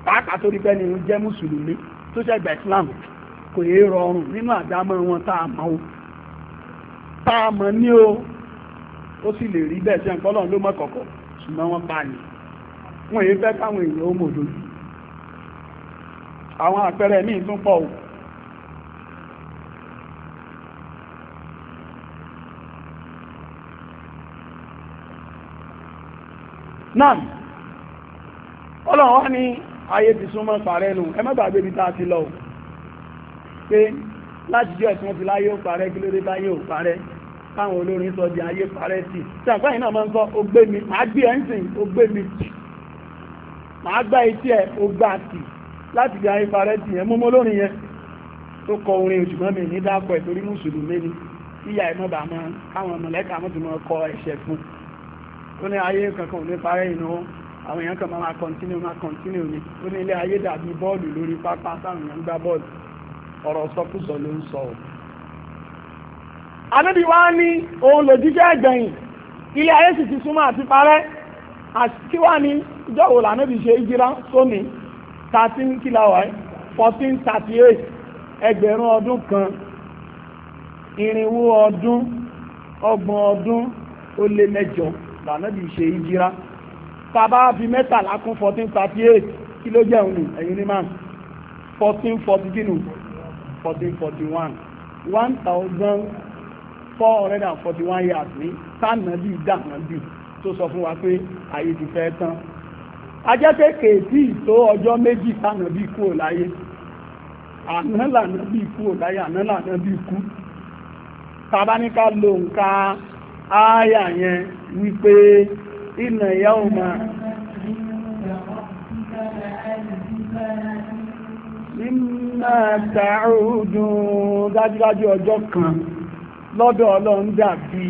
pàápàá torí bẹ́ẹ̀ ni jẹ́ mùsùlùmí tó ṣẹ̀gbà Islam kò yé rọrùn nínú àdámọ́ wọn tá a mọ̀ o tá a mọ̀ ní o ó sì lè rí bẹ́ẹ̀ ṣe nǹkan ló mọ̀ kọ̀kọ̀ ṣùgbọ́n wọ́n pa ni wọ́n yé fẹ́ káwọn èèyàn ó mọ̀ lójú àwọn àpẹẹrẹ míì tún pọ̀ o náà ọlọ́run wá ní ayé ti súnmọ́ pàrẹ́nu ẹ má gbàgbé ibi tá a ti lọ o pé láti jẹ́ ẹ̀sùn ti láyé ó parẹ́ kí lórí láyé ó parẹ́ káwọn olórin sọ di ayé parẹ́ sí ṣàpáyì náà máa ń sọ ó gbé mi máa gbé ẹ̀ǹsìn ó gbé mi máa gbá etí ẹ̀ ó gbá sí láti di ayé parẹ́ sí yẹn múmú olórin yẹn tó kọ orin òṣùgbọ́n mi ní dákọ̀ ẹ̀ torí mùsùlùmí ni síyà ẹ̀ mọ́bà mọ́ káwọn mọ̀lẹ́kà mọ́ ti mọ́ kọ ẹ̀ṣẹ̀ fún ó ní ayé kankan ò ní parẹ́ ìnáwó àwọn èèyàn kan máa continue máa continue ni ó ní ilé ayé dàbí bọ́ọ̀lù lórí pápá táwọn èèyàn gbá bọ́ọ̀lù ọ̀rọ̀ sọkúsọ ló ń sọ ọ́. ànábì wa ní òun lòjíṣẹ́ ẹ̀gbẹ̀yìn ilé ayé sì ti súnmọ́ àti parẹ́ àti wá ní ìjọ́wò lànàbì ṣe ìjírá sóní thirteen kìláwà fourteen thirty eight ẹgbẹ̀rún ọdún kan irinwó ọdún ọgbọ̀n ọdún ó lé mẹ́jọ lànàbì ṣe ìjírá tàbá bí mẹ́tàlá kún fourteen thirty eight kí ló jẹ́ òun ẹ̀yìn ní máa fourteen forty kínú 1441 1441 years ní tánàbí dànàbí tó sọ fún wa pé ayé ti fẹ́ tán ajẹ́pẹ́ kèétí tó ọjọ́ méjì tánàbí kúrò láyé àná lànàbí kúrò láyé àná lànàbí kú tabaníká lo nǹka ááyà yẹn wípé ìnà ìyá òun máa iná tààrùdùn dájúdájú ọjọ́ kan lọ́dọ̀ ọlọ́run dàbí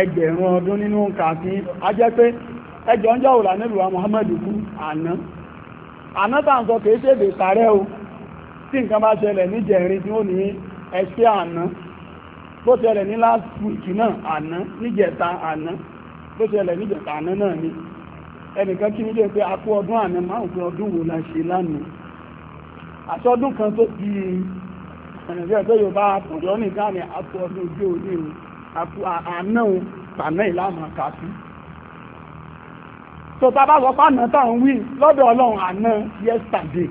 ẹgbẹ̀rún ọdún nínú kàfí Ajẹ́ pé ẹjọ́ ń jọ́wò lánàlùwà Muhammadu kú àná àná tàà sọ kìí ṣèdè sàárẹ́ o tí nǹkan bá ṣẹlẹ̀ ní jẹ̀rin tí ó ní ẹṣẹ́ àná ṣẹlẹ̀ ní àná níjẹta àná tó ṣẹlẹ̀ níjẹta àná náà ni ẹnìkan kí àtọ́dún kan tó di ẹ̀nàjẹ́ ọ̀tọ́ yorùbá àtọ̀dọ́ nìkan ni àpò ọdún ojú òní o ànáwó pàná ìlànà kàtí tó bàbá sọ pàná táwọn wí lọ́dọ̀ ọlọ́run àná yesterday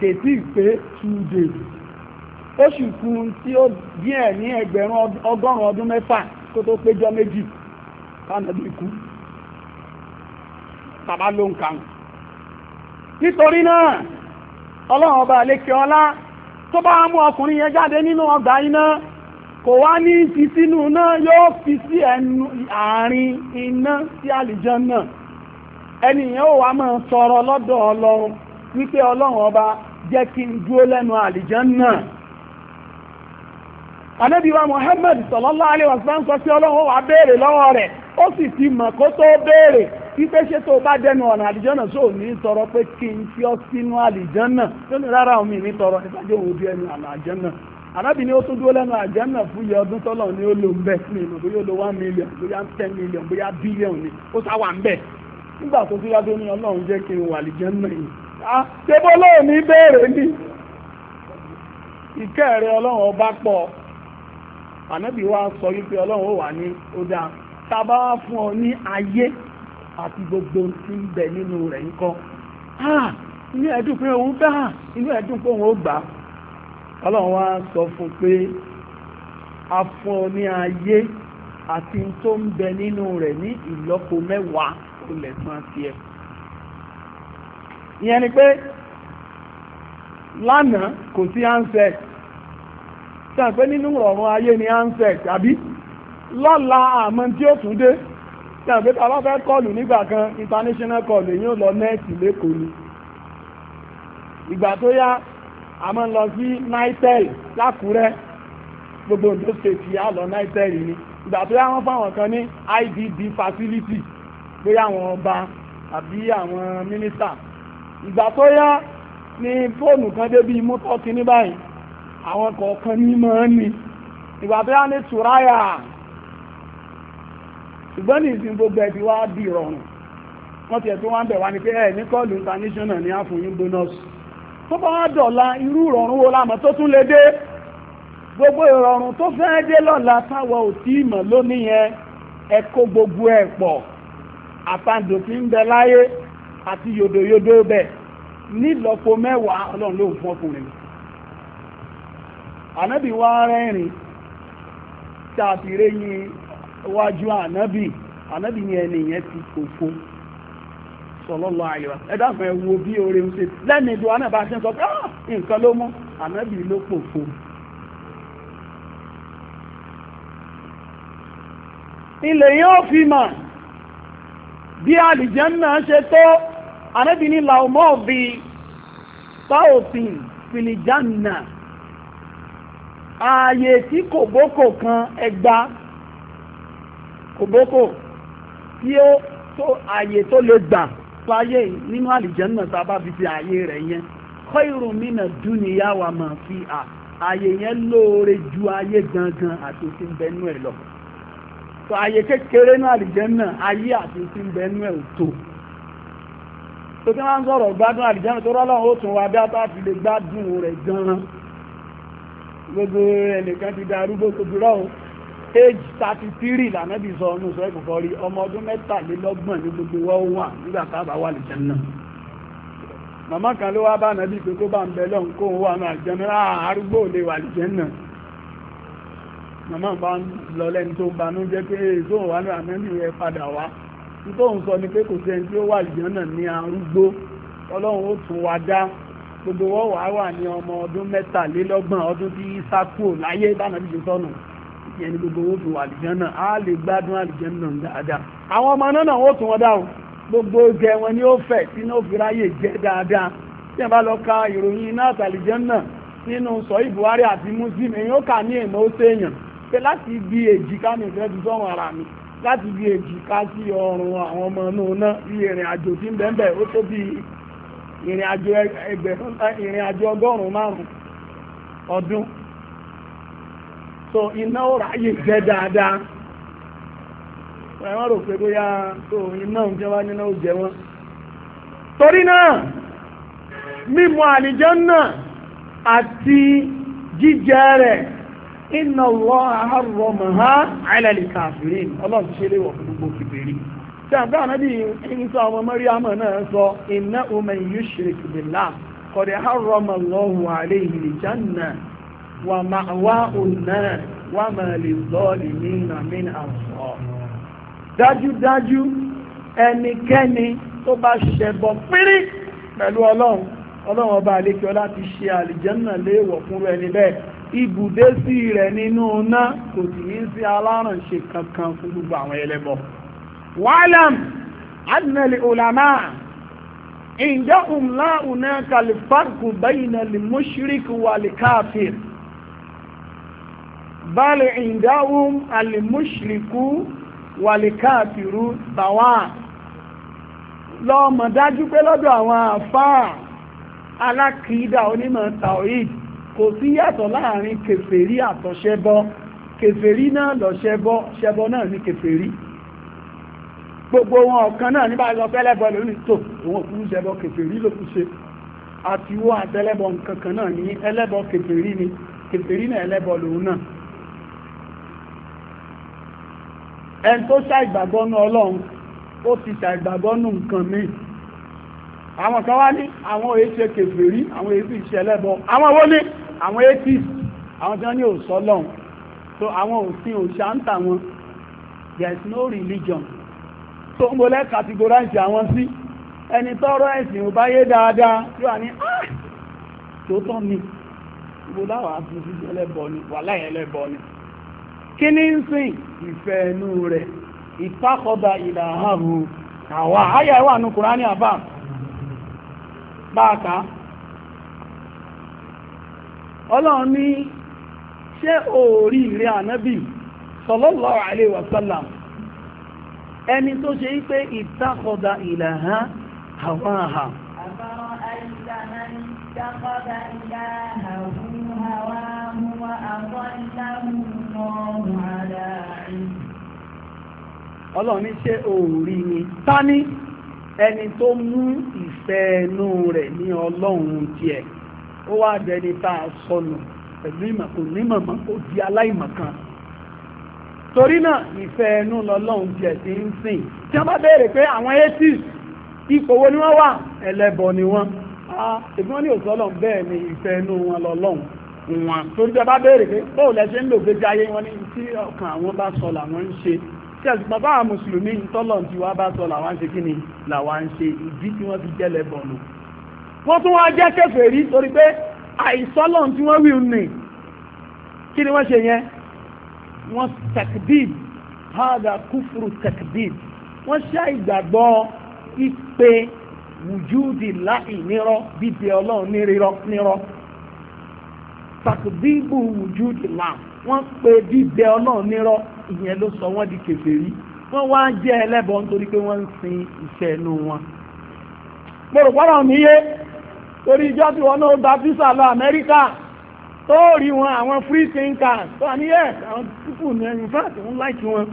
kètí pé two days oṣù kun tí ó díẹ̀ ní ẹgbẹ̀rún ọgọ́rùn-ún ọdún mẹ́fà kó tó péjọ méjì kánàbí kú bàbá ló ń kàn nítorí náà ọlọ́run ọba àlékè ọlá tó bá mú ọkùnrin yẹn jáde nínú ọgbà iná kò wá ní ti sínú náà yóò fi sí ẹnu àárín iná sí àlìjánà ẹnìyàn ò wá sọ̀rọ̀ lọ́dọ̀ ọlọ́run wípé ọlọ́run ọba jẹ́ kí n lẹ́nu anábíwá sọ sí ọlọ́run ó ó sì ti mọ̀ kó tó béèrè wípé ṣé tó bá dẹnu ọ̀nà àlìjọ́nà tọrọ pé kí n tí ó sínú àlìjọ́nà tó ní omi ní tọrọ ìdájọ́ òun di ẹnu ọ̀nà àlìjọ́nà arábìnrin ó tún dúró lẹ́nu àlìjọ́nà fún iye ọdún tọ́lọ̀ ni ó lò ń bẹ̀ o ìmọ̀ bóyá lo one million bóyá ten million bóyá billion ni ó sá wà ń bẹ̀ nígbà tó ní ọlọ́run jẹ́ kí n wà yìí ní ọba pọ̀ ànábì sọ wípé ọlọ́run ó wà ní tàbá fún ọ ní ayé àti gbogbo tí ń bẹ nínú rẹ̀ ń kọ́ inú ẹ̀dùn pé òun gbà inú ẹ̀dùn pé òun ó gbà ọlọ́run wá sọ fún pé a fún ọ ní ayé àti tó ń bẹ nínú rẹ̀ ní ìlọ́po mẹ́wàá tó lẹ̀sán tiẹ̀ ìyẹn ni pé lánàá kò sí ansẹt sàn pé nínú ọ̀run ayé ni ansẹt àbí lọ́la àmọ́ tí ó tún dé tí àwọn ìgbésà bá fẹ́ kọlù nígbà kan international call èyí ò lọ nẹ́ẹ̀tì lẹ́kọ̀ọ́ ni ìgbà tó yá àmọ́ lọ sí nitel lákùúrẹ́ gbogbo Ondo state yá lọ nitel ni ìgbà tó yá wọ́n fáwọn kan ní IDB facility bóyá àwọn ọba àbí àwọn mínísítà ìgbà tó yá ní fóònù kan débi mọ́tọ́ kínní báyìí àwọn kọ̀ọ̀kan ní mọ́ ni ìgbà tó yá ní tùráyà ṣùgbọ́n ní ìsìn gbogbo ẹ̀ ti wá di ìrọ̀rùn wọ́n ti ẹ̀tún wá ń bẹ̀ wá ní pé ẹ̀ ní kọ́ọ̀lù international ní àfòyún bónọ́sì tó bá wá dọ̀la irú ìrọ̀rùn wo lámọ̀ tó tún gbogbo ìrọ̀rùn tó fẹ́ dé lọ́la ò tí mọ̀ ẹ kó gbogbo ẹ̀ pọ̀ àtàndòfin bẹ láyé àti yòdòyòdò bẹ̀ nílọ́po mẹ́wàá ọlọ́run ló fún ọkùnrin rẹ́rìn wájú ànábì ànábì ni ẹni yẹn ti òfo sallallahu alaihi wasallam ẹ̀dá fún ẹwọ bí oore ń ṣe lẹ́nu ìdúrà náà bá ṣe ń sọ pé ah, nǹkan ló mú ànábì ló pòfo ilẹ̀ yóò fi mà bí àlìjẹ́nnà ṣe tó ànábì ní làwọ̀mọ́ bíi táòfin fìlìjánà ààyè tí kò bókò kan ẹgbàá kòbókò tí ó tó ààyè tó lè gbà fáyé nínú àlìjẹ́nà tá a bá fi ti ààyè rẹ̀ yẹn kọ́ irun mi nà dúnìyá wa mà fi à ààyè yẹn lóore ju ayé gangan àti òsín bẹnú ẹ lọ tó ààyè kékeré náà àlìjẹ́nà ayé àti òsín bẹnú ẹ ò tó tó tí wọ́n ń sọ̀rọ̀ gbádùn àlìjẹ́nà tó rọ́lọ́ ó tún wá bí a fi lè gbádùn rẹ̀ gan-an gbogbo ẹnìkan ti darúgbó tó dúró age thirty three lànàbì sọ ọ́nù sọ ẹ̀kùnkọ́ rí ọmọ ọdún mẹ́tàlélọ́gbọ̀n ní gbogbo wọ́n wà nígbà tábà wà lè jẹun náà màmá kan ló wá bá nàbí pé kó bá ń bẹ lọ́n kó wà náà jẹun náà arúgbó lè wà lè jẹun náà màmá bá ń lọ lẹ́ni tó ń banú jẹ́ pé èso wà náà nàbí rẹ̀ padà wá tó ń sọ ni pé kò sí ẹni tí ó wà lè jẹun náà ní arúgbó ọlọ́run ó tún wá dá gbogbo wọ́n wà wà ní ọmọ ọdún mẹ́tàlélọ́gbọ̀n ọdún tí sákúò láyé bá nàbí jẹ sọ́nù yẹn ni gbogbo wọn fi wà àlìjánà á lè gbádùn àlìjánà dáadáa àwọn ọmọ náà náà wọ́n tún wọn dáhùn gbogbo jẹ wọn ni ó fẹ̀ tí náà fi ráyè jẹ dáadáa tí ẹ bá lọ ka ìròyìn iná àtàlìjánà nínú sọ ìbuhari àti muslim èyí ó kà ní èmọ ó séèyàn pé láti ibi èjìká ní ìfẹ́ ti sọ̀rọ̀ ara mi láti ibi èjìká sí ọrùn àwọn ọmọ inú náà bí ìrìn àjò tí ń bẹ́ẹ̀ ó tó bí ìrìn àjò ọgọ́rùn-ún márùn-ún ọdún so iná ó ráyè jẹ́ dáadáa wọ́n rò pé bóyá tó iná oúnjẹ wá níná ó jẹ wọ́n torí náà mímu àlìjánnà àti jíjẹ rẹ̀ inna Allaha harramaha ala al-kafirin ọlọ́run ṣe léwọ̀ fún gbogbo kìbèrè tí àgbà ànábì ìsọ ọmọ mẹ́ríàmọ̀ náà sọ innahu man yushrik billah jannah wà máa wá ònà wà máa lè lọ́ọ̀lì ní ìnàmínà àwọ̀ dájúdájú ẹnikẹ́ni tó bá ṣẹbọ pírí pẹ̀lú ọlọ́run ọlọ́run ọba àlékẹ́ láti ṣe àlìjẹ́nà léèwọ̀ fún ẹni bẹ́ẹ̀ ibùdé sí rẹ̀ nínú iná kò sì ní sí alárànṣe kankan fún gbogbo àwọn ẹlẹ́bọ wàhálàm adìnàlè òlàmà ìjọ ńlá ònà kàlífàkù bẹ́yìnà lè mọ́ṣíríkì wà lè káàfin bali indahum alimushriku walikafiru tawa lọ́mọ̀ dájú pé lọ́dọ̀ àwọn àfáà alákìídà onímọ̀ tawhid kò sí yàtọ̀ láàrin kèfèrí àtọ̀ṣẹbọ kèfèrí náà lọ̀ṣẹbọ ṣẹbọ náà ní kèfèrí gbogbo wọn ọ̀kan náà nígbà lọ pẹ́lẹ́bọ lórí tò òun òkú ṣẹbọ kèfèrí ló kú àti wọ́n àtẹlẹ́bọ nǹkan náà ní ẹlẹ́bọ kèfèrí ni kèfèrí náà ẹlẹ́bọ lòun náà ẹni tó ṣàìgbàgbọ́ nú ọlọ́run ó ti ṣàìgbàgbọ́ nú nǹkan míì àwọn kan wá ní àwọn èyí ṣe kèfèrí àwọn èyí fi ṣẹlẹ́bọ àwọn wo ní àwọn atheist àwọn tí wọ́n ní òṣọ́lọ́run so àwọn òsìn òṣà ń tà wọn there is no religion tó ń bolẹ́ categorize àwọn sí ẹni tọ́rọ ẹ̀sìn ò bá yé dáadáa yóò ní tó ah! tán ni ìbò láwàá fi ṣẹlẹ́bọ ni wàláyẹlẹ́bọ ni. kí ní ń sìn ìfẹ́ ẹnu rẹ̀ ìtàkọ́dà ìlàhàrù àwà ayà ìwà ní kùránì àbá báàkà ọlọ́run ní ṣé òórí ìrẹ́ ẹni tó ṣe ń pé ìtàkọ́dà ìlàhà àwà àhà ìlàhà ọlọ́run ní ṣé òòrí ni tání ẹni tó mú ìfẹ́ ẹnu rẹ̀ ní ọlọ́run tiẹ̀ ó wá dẹni tá a sọnù pẹ̀lú ìmọ̀kò nímọ̀mọ́ ó di aláìmọ̀kan torí náà ìfẹ́ ẹnu lọ́lọ́run tiẹ̀ ti ń sìn tí wọ́n bá béèrè pé àwọn atheists ipò wo ni wọ́n wà ẹlẹ́bọ ni wọ́n ah, ṣùgbọ́n ní òsọ́lọ́run bẹ́ẹ̀ ni ìfẹ́ ẹnu wọn lọ́lọ́run wọn torí tẹ bá béèrè pé bóò lẹ́sẹ̀ ń lò gbéjì ayé wọn ní tí ọkàn àwọn bá sọ làwọn ń ṣe tí ẹ̀sùn bàbá àwọn mùsùlùmí tọ́lọ̀ tí wọ́n bá sọ làwọn ń ṣe kí ni làwọn ń ṣe ìdí tí wọ́n fi jẹ́lẹ̀ bọ̀ nù. wọ́n tún wá jẹ́ kèfèrí torí pé àìsọ́lọ̀ tí wọ́n wí nì kí ni wọ́n ṣe yẹn wọ́n takdid hada kúfùrù takdid wọ́n ṣá ìgbàgbọ́ ìpè wùjúdì láì nírọ́ bíbẹ ọlọ́run nírọ́ takdibu wujudillah wọ́n pe bíbẹ ọlọ́run nírọ́ ìyẹn ló sọ wọ́n di kèfèrí wọ́n wá jẹ́ ẹlẹ́bọ nítorí pé wọ́n ń sin iṣẹ́ inú wọn. mo rò pọ́nrọ̀ mi yé torí ìjọ tí wọn náà gba visa lọ Amẹ́ríkà tó rí wọn àwọn free thinkers tó àní yẹ àwọn púpù ní ẹ̀yìn fáàtì ń láìkí wọn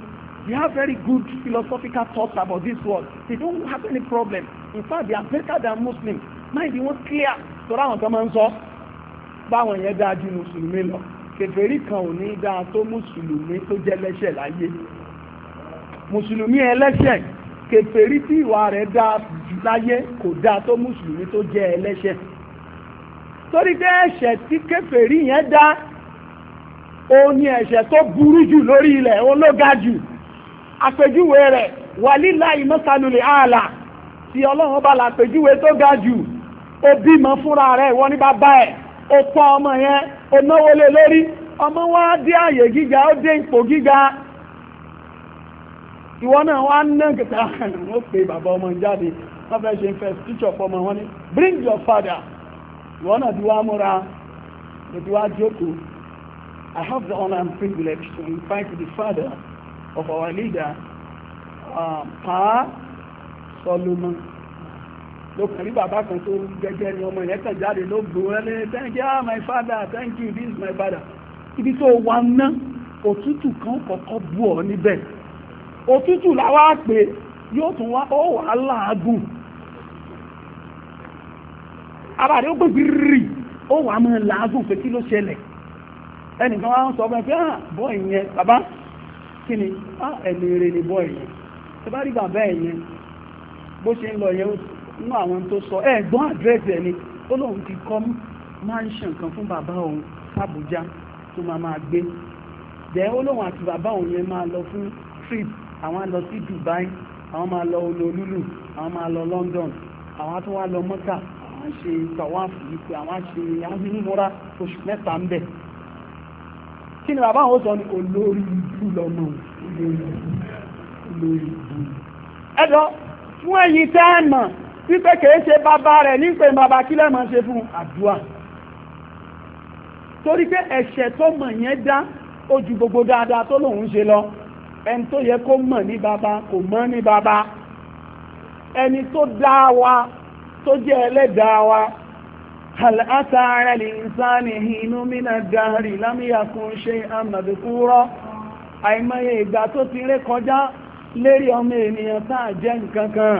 they have very good philosophical thoughts about this world they don't have any problem in fact they are better than Muslims mind you, wọn clear sọ̀rọ̀ àwọn tó máa ń sọ báwọn yẹn dáa ju mùsùlùmí lọ kèfèrí kan ò ní dáa tó mùsùlùmí tó jẹ́ lẹ́ṣẹ̀ láyé mùsùlùmí ẹlẹ́ṣẹ̀ kèfèrí tí ìwà rẹ̀ dáa jù láyé kò dáa tó mùsùlùmí tó jẹ́ ẹlẹ́ṣẹ̀ torí pé ẹ̀ṣẹ̀ tí kèfèrí yẹn dá òun ni ẹ̀ṣẹ̀ tó burú jù lórí ilẹ̀ òun ló ga jù àpèjúwe rẹ̀ wàlílà ìmọ̀sálùlẹ̀ ààlà tí ọlọ́run bá làpèjúwe tó ga jù ó bímọ fúnra rẹ̀ ìwọ ní bàbá ẹ̀ ó pọ́ ọmọ yẹn ó náwó lé lórí ọmọ wa dé àyè gíga ó dé ipò gíga ìwọ náà wá ná kẹta wọ́n pe bàbá ọmọ jáde wọ́n fẹ́ ṣe first teacher fọmọ wọn ni bring your father ìwọ náà ti wá múra ètò wá jókòó I have the honor and privilege to invite the father of our leader, uh, Pa Solomon lókàn rí bàbá kan tó gẹ́gẹ́ ni ọmọ yẹn kàn jáde ló gbò ẹ́ thank you ah my father thank you this is my father ibi tó wà ná òtútù kan kọ̀kọ́ bú ọ níbẹ̀ òtútù làwa pé yóò tún wá ó wà á làágùn abàdé ó gbèsè rírì ó wà á mọ làágùn pé kí ló ṣẹlẹ̀ ẹnìkan wá ń sọ fún ẹ pé ah bọ́ ìyẹn bàbá kí ni ah ẹ̀mí rẹ̀ ni bọ́ ìyẹn ẹ bá rí bàbá ẹ̀yẹn bó ṣe ń lọ yẹn ó nínú àwọn tó sọ ẹ gbọ́n àdírẹ́sì ẹni ó ti kọ́ mansion kan fún bàbá òun sàbújá tó máa máa gbé dẹ̀ ó lóun àti bàbá òun yẹn máa lọ fún trip àwọn lọ sí Dubai àwọn máa lọ Honolulu àwọn máa lọ London àwọn tó wá lọ mọ́tà àwọn ṣe tàwáàfù yìí pé àwọn ṣe ahínúmúra oṣù mẹ́ta ń bẹ̀ kí ni bàbá àwọn sọ ni olórí ibú lọ́mọ olórí ibú ẹ̀dọ́ fún ẹ̀yin tẹ́ ẹ̀ mọ̀ wípé kìí ṣe bàbá rẹ̀ nípe bàbá kí lẹ́mọ̀ ṣe fún àdúrà torí pé ẹ̀ṣẹ̀ tó mọ̀ yẹn dá ó ju gbogbo dáadáa tó lòun ṣe lọ ẹni tó yẹ kó mọ̀ ní bàbá kò mọ̀ ní bàbá ẹni tó dá wa tó jẹ́ ẹlẹ́dàá wa àlàáta ara lè ń sáà ní inú mínà dáhàrì lámìyàkùn ṣe àmàdùkúrọ́ àìmọye ìgbà tó ti ré lérí ọmọ ènìyàn tá jẹ́ nǹkan kan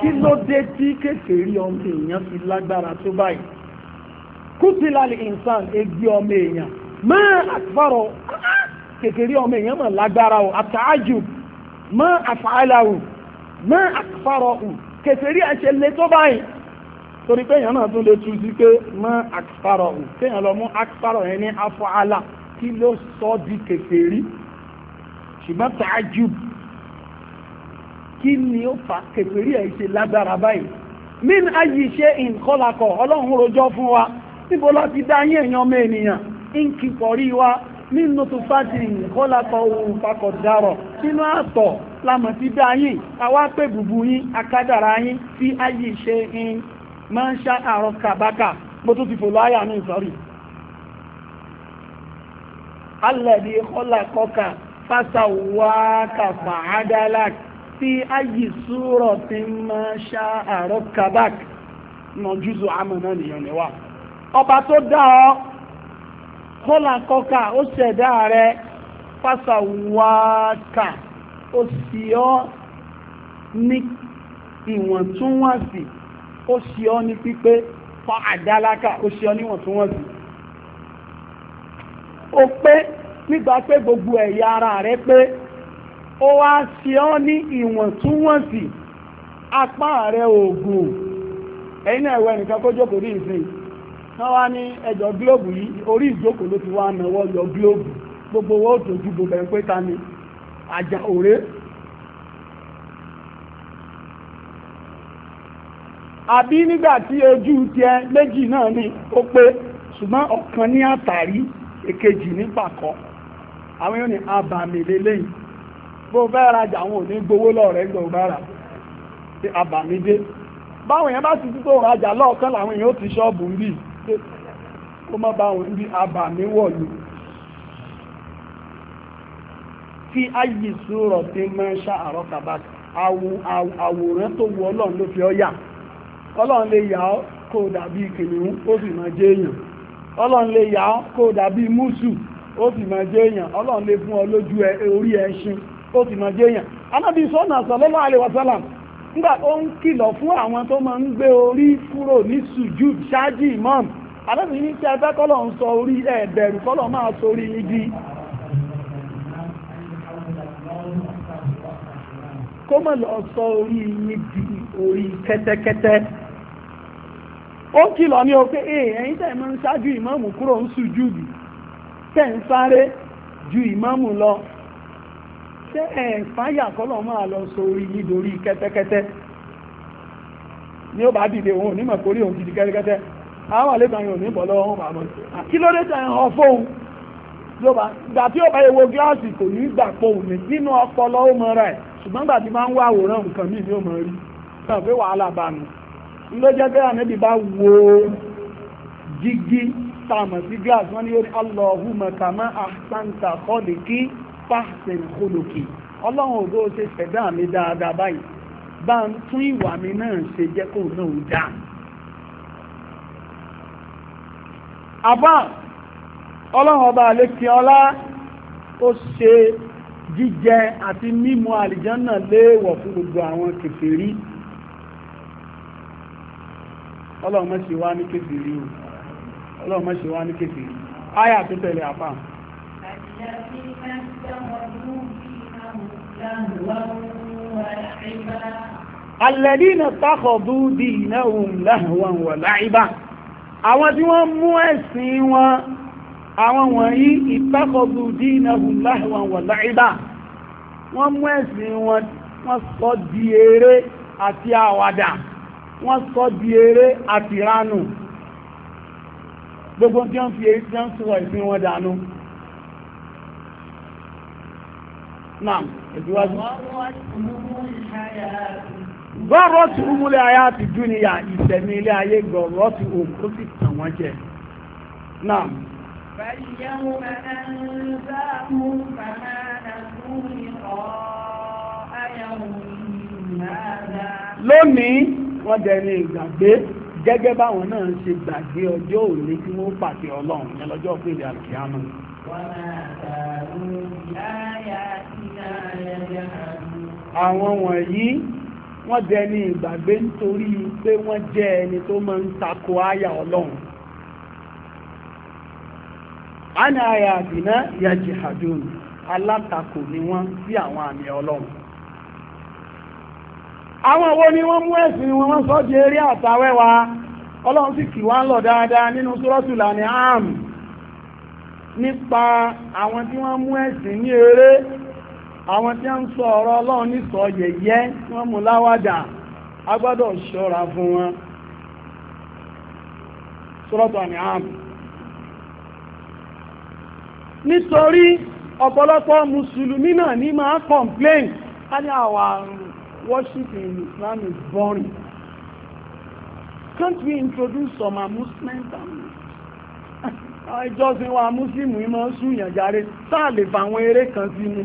kí ló dé tí kékeré ọmọ èèyàn fi lágbára tó báyìí kútìlálì ìnsàn egi ọmọ èèyàn máa àkùfàrọ̀ kékeré ọmọ èèyàn mà lágbára o àtàájù máa àfàálà o máa àkùfàrọ̀ o kékeré ẹ̀ṣẹ̀ lé tó báyìí torí pé èèyàn náà tún lè tu sí pé máa àkùfàrọ̀ o kéèyàn lọ mú àkùfàrọ̀ yẹn ní àfàálà kí ló sọ di kékeré ṣùgbọ́n tàájù kí ni ó fa kèfèrí ẹ̀ ṣe lágbára báyìí min ayi ṣe ìkọlakọ̀ ọlọ́run rojọ́ fún wa níbo lọ ti dá yín èèyàn mọ ènìyàn ń kìkọ̀rí wa nínú tó fàtí ìkọlakọ̀ ohun fakọ̀ dárọ̀ nínú àtọ̀ lámọ̀ ti dá yín àwa pé bùbù yín akádàrá yín fi ayi ṣe ń máa ń ṣá àrùn kàbákà mo tún ti fòlò àyà mi sọ́rí alẹ́bí kọlakọ̀ka fásawákà fàádálàkì fi ayi súrọ̀ tí ma ṣá àrọ́ kabak nà jùzọ àmọ́nà nìyàn ni wà ọba tó dá ọ kọ́là kọ́kà ó ṣẹ̀dá rẹ fásawákà ó sì ọ́ ní ìwọ̀ntúnwọ̀nsì ó sì ọ́ ní pípé fọ́ àdálákà ó sì ọ́ níwọ̀ntúnwọ̀nsì ó pé nígbà pé gbogbo ẹ̀yà ara rẹ pé ó wá ṣe ọ́ ní ìwọ̀ntúnwọ̀nsì apá rẹ̀ ògùn ẹ̀yìn náà ẹ̀wọ̀ ẹnìkan kó jókòó ní ìsìn wọ́n wá ní ẹjọ́ gílóòbù orí ìjókòó ló ti wá yọ gbogbo owó òtòjú gbogbo ẹ̀ pé àjà àbí nígbà tí ojú méjì náà ni ó pé ṣùgbọ́n ọ̀kan ní àtàrí èkejì ní bó fẹ́ rajà àwọn òní gbowó lọ́rẹ̀ gbọ̀ rárá tí àbàmídé báwọn èèyàn bá ti títò rajà lọ́ọ̀kan làwọn èèyàn ó ti ṣọ́ọ̀bù ń bì kó báwọn ń bí àbàmíwọ̀lú fi ayé sọ̀rọ̀ tí máa ń ṣá àrọ́ àwòrán tó wu ọlọ́run ló fi ọ́ yà ọlọ́run lè yà ọ́ kó dàbí kìnìún ó sì máa jẹ́ èèyàn ọlọ́run lè yà ọ́ kó dàbí mùsù ó sì máa ó si máa jẹ́yàn anábì sọ́nà wasallam nígbà ń kìlọ̀ fún àwọn tó ma ń gbé orí kúrò ní sujud ṣáájì imam anábì ní tí ẹgbẹ́ kọ́lọ̀ ń sọ orí kọ́lọ̀ máa sórí igi kó mọ̀ lọ sọ orí igi orí kẹ́tẹ́kẹ́tẹ́ ó kìlọ̀ ní ẹ̀yìn ń imam kúrò ju imam lọ ṣé ẹ̀fáyà kọ́lọ̀ máa lọ sórí nítorí kẹ́tẹ́kẹ́tẹ́ ni ó bá dìde òun onímọ̀ kórí òun jìdí kẹ́tẹ́kẹ́tẹ́ àwọn àlébàrin òní bọ̀ lọ́wọ́ wọn bàbọ̀ kí ló dé tẹ̀ ń hàn fóun ló bá gbà tí ó bá ewo gíláàsì kò ní gbà pohùn ní nínú ọpọlọ ó mọ ra ẹ̀ ṣùgbọ́n gbà tí máa ń wá àwòrán nǹkan míì ni ó mọ rí náà pé wàhálà bá mi ló jẹ́ pé ànábì bá wo jígí tá a mọ̀ sí gíláàsì wọn ni ó ní Allahumma kama ahsanta khaliki fásin kólókè ọlọ́run ògbó ṣe ṣẹ̀dá mi dáadáa báyìí bá ń tún ìwà mi náà ṣe jẹ́ kó náà dá. àbá ọlọ́run ọba àlékè ọlá ó ṣe jíjẹ àti mímu àlìjánà léèwọ̀ fún gbogbo àwọn kèfèrí ọlọ́run má ṣe wá ní kèfèrí ọlọ́run má ṣe wá ní kèfèrí áyà tó tẹ̀lé àfáà الذين اتخذوا دينهم لهوا ولعبا الذين اتخذوا دينهم لهوا ولعبا àwọn tí wọ́n mú ẹ̀sìn wọn àwọn wọ̀nyí ìtàkọ̀bù dínàhùn láhìwọ̀n wọ̀ láìdá wọ́n mú ẹ̀sìn wọn wọ́n sọ di eré àti àwàdà wọ́n sọ di eré àti ránù gbogbo náà ìdíwájú. gọ́ọ̀rọ̀tì umulẹ̀ ayé àti dúnìyà ìsẹ̀mí ilé ayé gọ́ọ̀rọ̀tì òun ó sì tàn wọ́n jẹ náà. فاليوم أنزاهم فما نسوا لقاء يومهم هذا lónìí wọ́n dẹni ìgbàgbé gẹ́gẹ́ báwọn náà ṣe gbàgbé ọjọ́ òní tí wọ́n pàtẹ ọlọ́run ní lọ́jọ́ pèlè àlùkìyàmù. wọ́n máa tààrù ìyá yá àwọn wọ̀nyí wọ́n dẹni ìgbàgbé nítorí pé wọ́n jẹ́ ẹni tó máa ń takò àyà ọlọ́run àná àyà àbìná yàjì àdùn alátakò ni wọ́n sí àwọn àmì ọlọ́run àwọn wo ni wọ́n mú ẹ̀sìn wọn wọ́n sọ di eré àtàwẹ́wà ọlọ́run sì kì wá ń lọ dáadáa nínú sọ́rọ́sùlà ní àm nípa àwọn tí wọ́n mú ẹ̀sìn ní eré àwọn tí ń sọ ọ̀rọ̀ ọlọ́run nìsọ yẹ̀yẹ́ wọ́n mú láwàdà a gbọ́dọ̀ ṣọ́ra fún wọn sọ́rọ̀tọ̀ àmì àmì nítorí ọ̀pọ̀lọpọ̀ mùsùlùmí náà ní máa complain a àwà àwa worship in Islam is boring can't we introduce some amusement and ìjọsìn wa muslim yìí máa ń sáà lè fà àwọn eré kan sínú.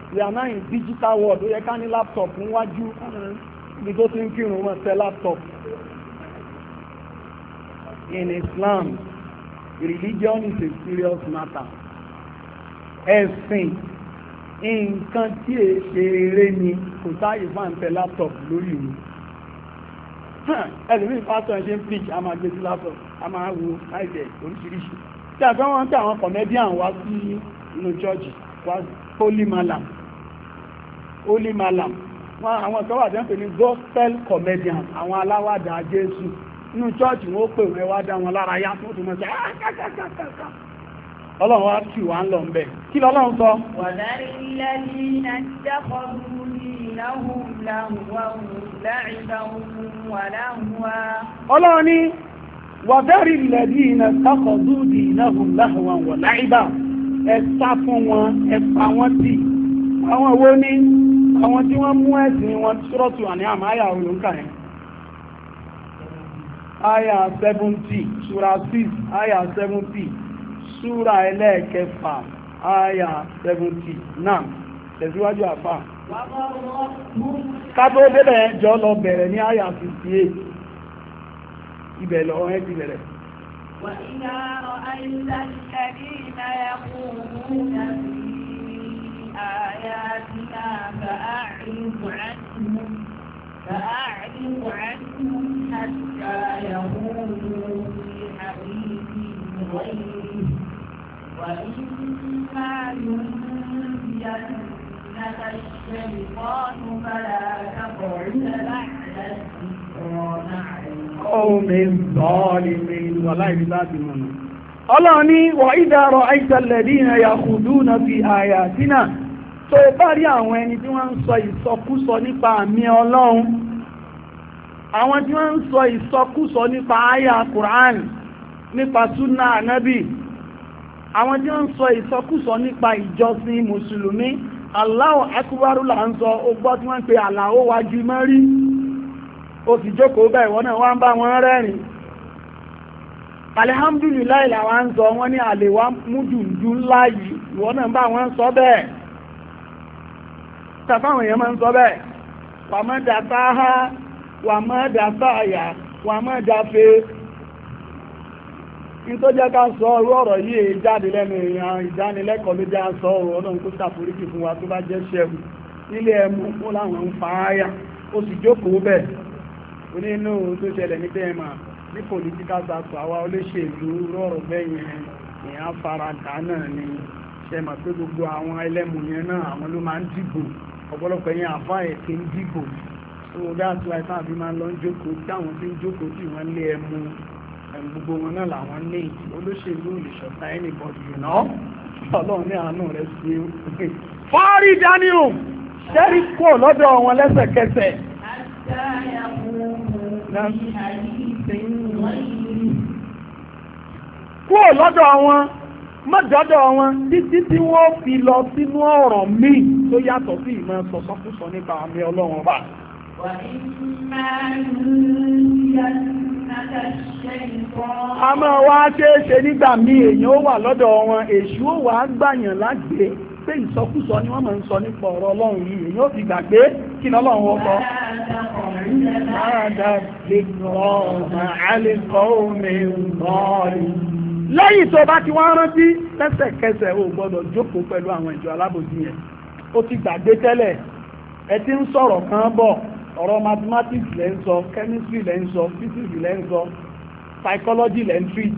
we are now in digital world ó yẹ ká ní laptop níwájú ibi tó ti ń kírun wọn tẹ laptop in Islam religion is a serious matter ẹ̀sìn nǹkan tí è ṣe eré ni kò sáàyè fà ń tẹ laptop lórí mi ẹlòmíì pásítọ̀ ṣe ń preach a máa gbé sí laptop a máa wo láìpẹ́ oríṣiríṣi tí àgbẹ̀ wọn tẹ àwọn comedian wá sí inú church wá holy malam holy malam wọn àwọn ìkọwà jẹ́ ń pè ní gospel comedian àwọn aláwàdà jésù inú chọ́ọ̀chì wọn ó pè wọn wá dá wọn lára yá tó tún mọ́ sí àkàkàkàkà ah, ọlọ́run wá kì wá ń lọ ńbẹ̀ kí lọ́lọ́run sọ. wàdárí lẹ́ni nàìjíríàkọ̀ọ́dún ọlọ́run ní wàdárí lẹ́ni nàìjíríàkọ̀ọ́dún dìínàhùn láhùn wọ̀n láìbà ẹ sá fún wọn ni àwọn tí wọ́n mú ẹ̀sìn wọn ṣúrọ́tù àní àmà àyà olùkà ẹ̀ àyà 70 ṣúra 6 àyà 70 ṣúra ẹlẹ́ẹ̀kẹfà àyà 70 náà tẹ̀síwájú àfà kátó débẹ̀ jọ lọ bẹ̀rẹ̀ ní àyà 58 ibẹ̀ lọ ẹ ti bẹ̀rẹ̀ وإذا رأيت الذين يقولون في آياتنا فأعرض عنهم فأعرض عنهم حتى يقولوا في حديث غيره وإما ينزينك الشيطان فلا تقعد بعد الذكرى مع الظالمين ولا بذات المنون ọlọ́run ní wà ìdárọ̀ àìsàlẹ̀dínà yàkùdúnà tó ẹ bá rí àwọn ẹni tí wọ́n ń sọ ìsọkúsọ nípa àmì ọlọ́run àwọn tí wọ́n ń sọ ìsọkúsọ nípa àyà Quran nípa súnà anabi àwọn tí wọ́n ń sọ ìsọkúsọ nípa ìjọsìn mùsùlùmí aláwọ̀ akúbárú là ń sọ ó gbọ́ tí wọ́n ń pe àlàó wájú mọ́rí ó sì jókòó bẹ́ẹ̀ ìwọ náà wá bá wọn rẹ́rìn alihamdulilayi làwọn ń sọ wọn ní àlèwà múdùndú ńlá yìí ìwọ náà bá wọn sọ bẹ́ẹ̀ àtà fáwọn èèyàn máa ń sọ bẹ́ẹ̀ wà mọ́ dà sáhá wà mọ́ dà sáàyà wà mọ́ dà fe ní tó jẹ́ ká sọ ọrú ọ̀rọ̀ yìí jáde lẹ́nu èèyàn ìdánilẹ́kọ̀ọ́ ló jẹ́ sọ ọ̀rọ̀ ọlọ́run tó ṣàforíkì fún wa tó bá jẹ́ ṣẹ́gun nílé ẹmu ó láwọn ń fa áyà ó sì jókòó bẹ́ẹ̀ onínú tó ṣẹlẹ̀ ní bẹ́ẹ̀ máa ní pòlítíkà sàtò àwa olóṣèlú rọ̀rọ̀ bẹ́yẹn ìyá faradà náà ni ṣe mà pé gbogbo àwọn ẹlẹ́mu yẹn náà àwọn ló máa ń dìbò ọ̀pọ̀lọpọ̀ yẹn àfá ẹ̀kẹ́ ń dìbò so that's why fáà fi máa lọ ń jókòó táwọn tí ń jókòó tí wọ́n lé ẹmu gbogbo wọn náà làwọn ní olóṣèlú olùṣọ̀tà anybody you know ọlọ́run ní àánú rẹ̀ sí i. fọ́ọ̀rì daniel ṣẹ́rí kò lọ́dọ̀ wọn lẹ́sẹ̀kẹsẹ̀. kúrò lọ́dọ̀ wọn mọ́dọ́dọ̀ wọn títí tí wọ́n fi lọ sínú ọ̀rọ̀ míì tó yàtọ̀ sí ìmọ̀ sọ̀sọ́kúsọ nípa àmì ọlọ́run ọba. a máa wá ṣeéṣe nígbà míì èèyàn ó wà lọ́dọ̀ wọn èṣù ó wà á gbàyàn lágbè pé ìsọkúsọ ni wọ́n máa ń sọ nípa ọ̀rọ̀ ọlọ́run yìí èèyàn ó fi gbàgbé kí ni ọlọ́run ó sọ. Máa dá lè kọ́ ọ̀nà àlè kọ́ òmìnira rẹ̀ lẹ́yìn tó bá ti wá rántí lẹ́sẹ̀kẹsẹ̀ o gbọ́dọ̀ jókòó pẹ̀lú àwọn ìjọ alábòsí yẹn ó ti gbàgbé tẹ́lẹ̀ ẹ ti ń sọ̀rọ̀ kan bọ̀ ọ̀rọ̀ mathematics lẹ́ ń sọ chemistry lẹ́ ń sọ physics lẹ́ ń sọ psychology lẹ́ ń treat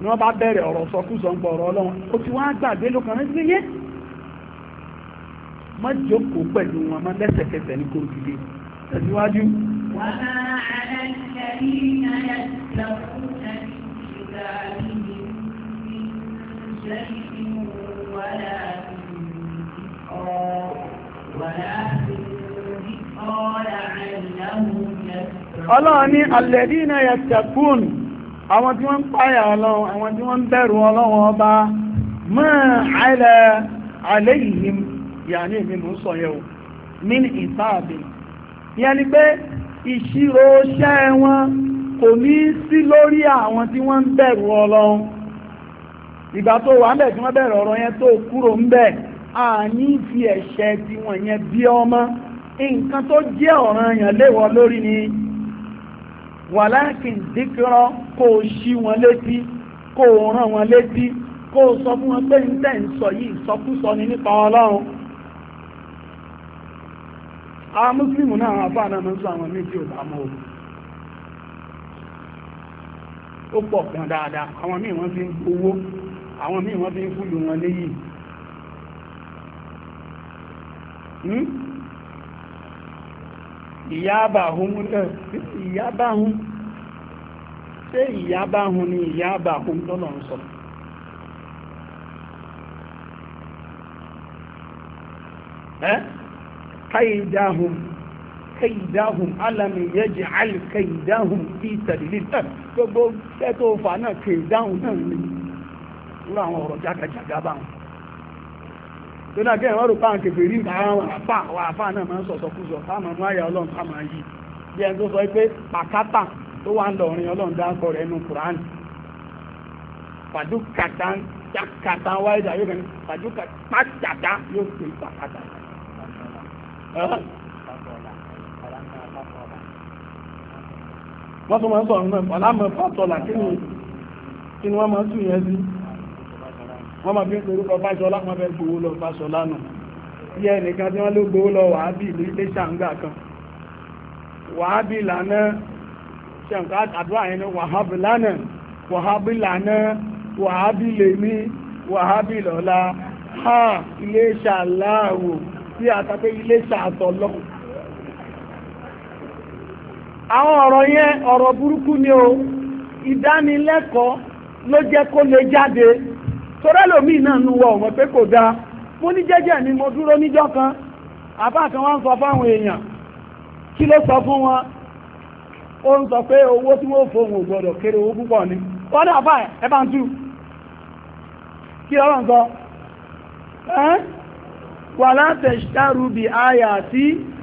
ni wọ́n bá bẹ̀rẹ̀ ọ̀rọ̀ sọkúsọ ń pọ̀ ọ̀rọ̀ ọlọ́run ó ti wá gbàgbé ló kàn rántí yé má jókòó pẹ̀lú wọn má lẹ́sẹ̀kẹsẹ̀ ní kò dìde tẹ̀síwájú. wàhálà àlẹ́ ìṣẹ̀lẹ̀ ìnáyà ìṣẹ̀lẹ̀ أمثالهم من شيء ولكن ذكرى ولكن àwọn tí wọ́n ń ọlọ́run àwọn tí wọ́n ń bẹ̀rù ọlọ́run ọba ma ala alayhim yàní èmi mò ń sọ o min wọn kò ní sí lórí àwọn tí wọ́n ń bẹ̀rù ọlọ́run ìgbà tó wà ń bẹ̀ tí wọ́n bẹ̀rù ọ̀rọ̀ yẹn tó kúrò ń bẹ̀ àní fi ẹ̀ṣẹ̀ tí wọ́n yẹn bí ọmọ nǹkan tó jẹ́ ọ̀ràn yẹn léwọ lórí ni wàláàkì díkìrọ kó ṣí wọn létí kó rán wọn létí kó sọ fún wọn pé ń tẹ̀ ń sọ yìí ìsọkúsọ ni nípa ọlọ́run àwọn mùsùlùmí náà àwọn afáàná mọ́ sọ àwọn méjì ò bá mọ́ òkú ó pọ̀ gan dáadáa àwọn míì wọ́n fi ń owó àwọn míì wọ́n fi ń fúlù wọn léyìí hmm? ìyábàhún ìyábàhún ṣé ìyábàhún ni ìyábàhún tọ́lọ̀ ń sọ ẹ́ káyé kaidahum alami yẹji ali kaidahum fi tẹlifí ẹ gbogbo ẹtọ òfà náà kaidahum náà ni wọn àwọn ọ̀rọ̀ jágajàga bá wọn lónà kí ẹ̀wọ́n rò páwọn kẹfẹ́ rí àwọn àfà àwọn àfà náà máa ń sọ̀sọ̀ kú sọ fáwọn ọmọ ayà ọlọ́run fáwọn ayé bí ẹni tó sọ pé wọ́n tún máa ń sọ̀rọ̀ náà aláàmọ̀ pàtọ́là kí ni wọ́n máa tún yẹn sí wọ́n máa fi ń pèrú kọ fáṣọlá wọ́n fẹ́ gbowó lọ fáṣọlá nù yẹ nìkan tí wọ́n ló gbowó lọ wàábì ìlú ilé ṣàǹgà kan wàábì lànà ṣàǹgà àdúrà yẹn ní wàhábì lánà wàhábì lànà wàhábì lèmi wàhábì lọ́la ha ilé ṣàláwò sí àtàkẹ́ ilé ṣàtọ̀lọ́wọ́ àwọn ọ̀rọ̀ yẹn ọ̀rọ̀ burúkú ni o ìdánilẹ́kọ̀ọ́ ló jẹ́ kó lè jáde torẹ́ náà wọ ọ̀mọ̀ pé kò dáa mo ní jẹ́jẹ́ ni mo dúró níjọ́ kan àbá kan wá ń sọ fáwọn èèyàn kí ló sọ fún wọn ó ń sọ pé owó tí wọ́n gbọ́dọ̀ kéré owó púpọ̀ ni wọ́n ní àbá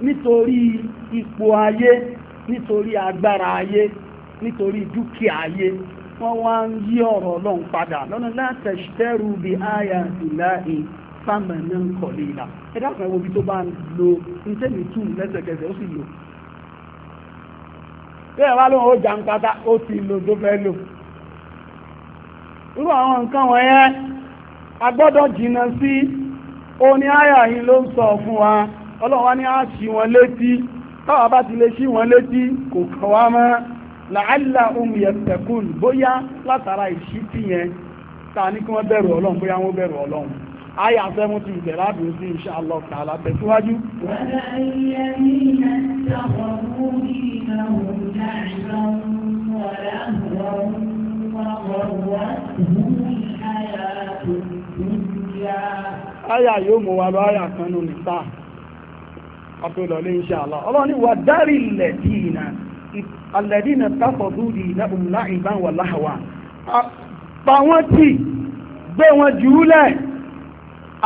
nítorí ipò ayé nítorí agbára ayé nítorí dúkìá ayé wọ́n wá ń yí ọ̀rọ̀ ọlọ́run padà lọ́nà látẹ̀ṣtẹ́rù bí àyà ìlàhì fámẹ̀nà kọ̀lé ìlà ẹ̀dàkùn ẹwọ́ bí tó bá ń lo ìtẹ́mì tún lẹ́sẹ̀kẹsẹ̀ ó sì lò bẹ́ẹ̀ wá lóhun ó jà ń pátá ó ti lò tó fẹ́ lò irú àwọn nǹkan wọ̀nyẹn a gbọ́dọ̀ jìnnà sí oní ní àyà yìí ló ń sọ fún wa ọlọ́run wá ní á ṣí wọn létí táwa bá ti lè ṣí wọn létí kò kàn wá mọ́ làálà ohun yẹtẹkùn bóyá látara ìṣítí yẹn ta ní kí wọ́n bẹ̀rù ọlọ́run bóyá wọ́n bẹ̀rù ọlọ́run àyà fẹ́mú ti ìbẹ̀ láàbùn sí insha Allah ta'ala tẹ̀síwájú. Àyà yóò mú wa lọ àyà kan nù nìta àtòlọ́lé inṣàlá ọlọ́run ní wà dárí lẹ́dínà alẹ́dínà táfọ̀dú di ìdáhùn láìbá wà láhàwá pa wọ́n tì gbé wọn jùúlẹ̀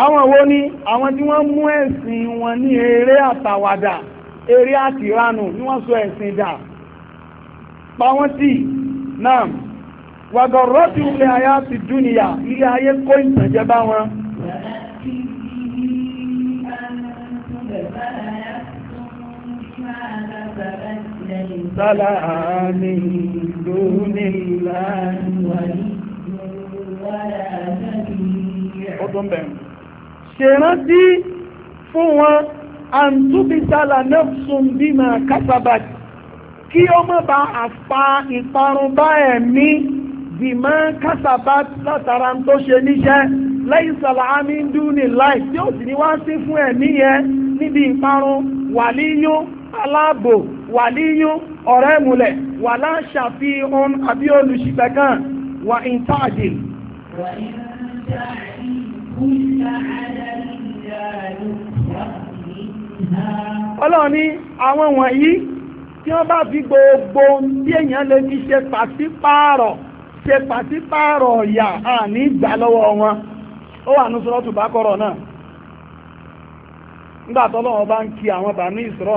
àwọn wo ni àwọn tí wọ́n mú ẹ̀sìn wọn ní eré àtàwàdà eré àtìránù ni wọ́n sọ ẹ̀sìn dà pa wọ́n tì náà wàgọ̀rọ̀ tí ilé ayé ti dúnìyà ilé ayé kó ìtànjẹ bá wọn. طلع من دون الله ولي ولا نبي ṣèrántí fún bí ma kásábàtì kí ó mọ́ bá àfà ìparun bá ẹ̀mí bí ma kásábàtì látara tó ṣe níṣẹ́ lẹ́yìn sàlàámi dúnì láì tí ó sì ní wá sí fún ẹ̀mí yẹn níbi ìparun wà níyún aláàbò wàlíyún ọ̀rẹ́ múlẹ̀ wà láṣàfihàn àbí olùṣìpẹ̀ kan wà ń tààdì ọlọ́run ní àwọn wọ̀nyí tí wọ́n bá fi gbogbo tí èèyàn lè fi ṣe pàṣípààrọ̀ ṣe pàṣípààrọ̀ ọ̀yà àní ìgbà lọ́wọ́ wọn ó wà ní sọ́rọ́tù bá kọ́rọ̀ náà nígbà tọ́lọ́wọ́ bá ń kí àwọn bàánú ìsọ̀rọ̀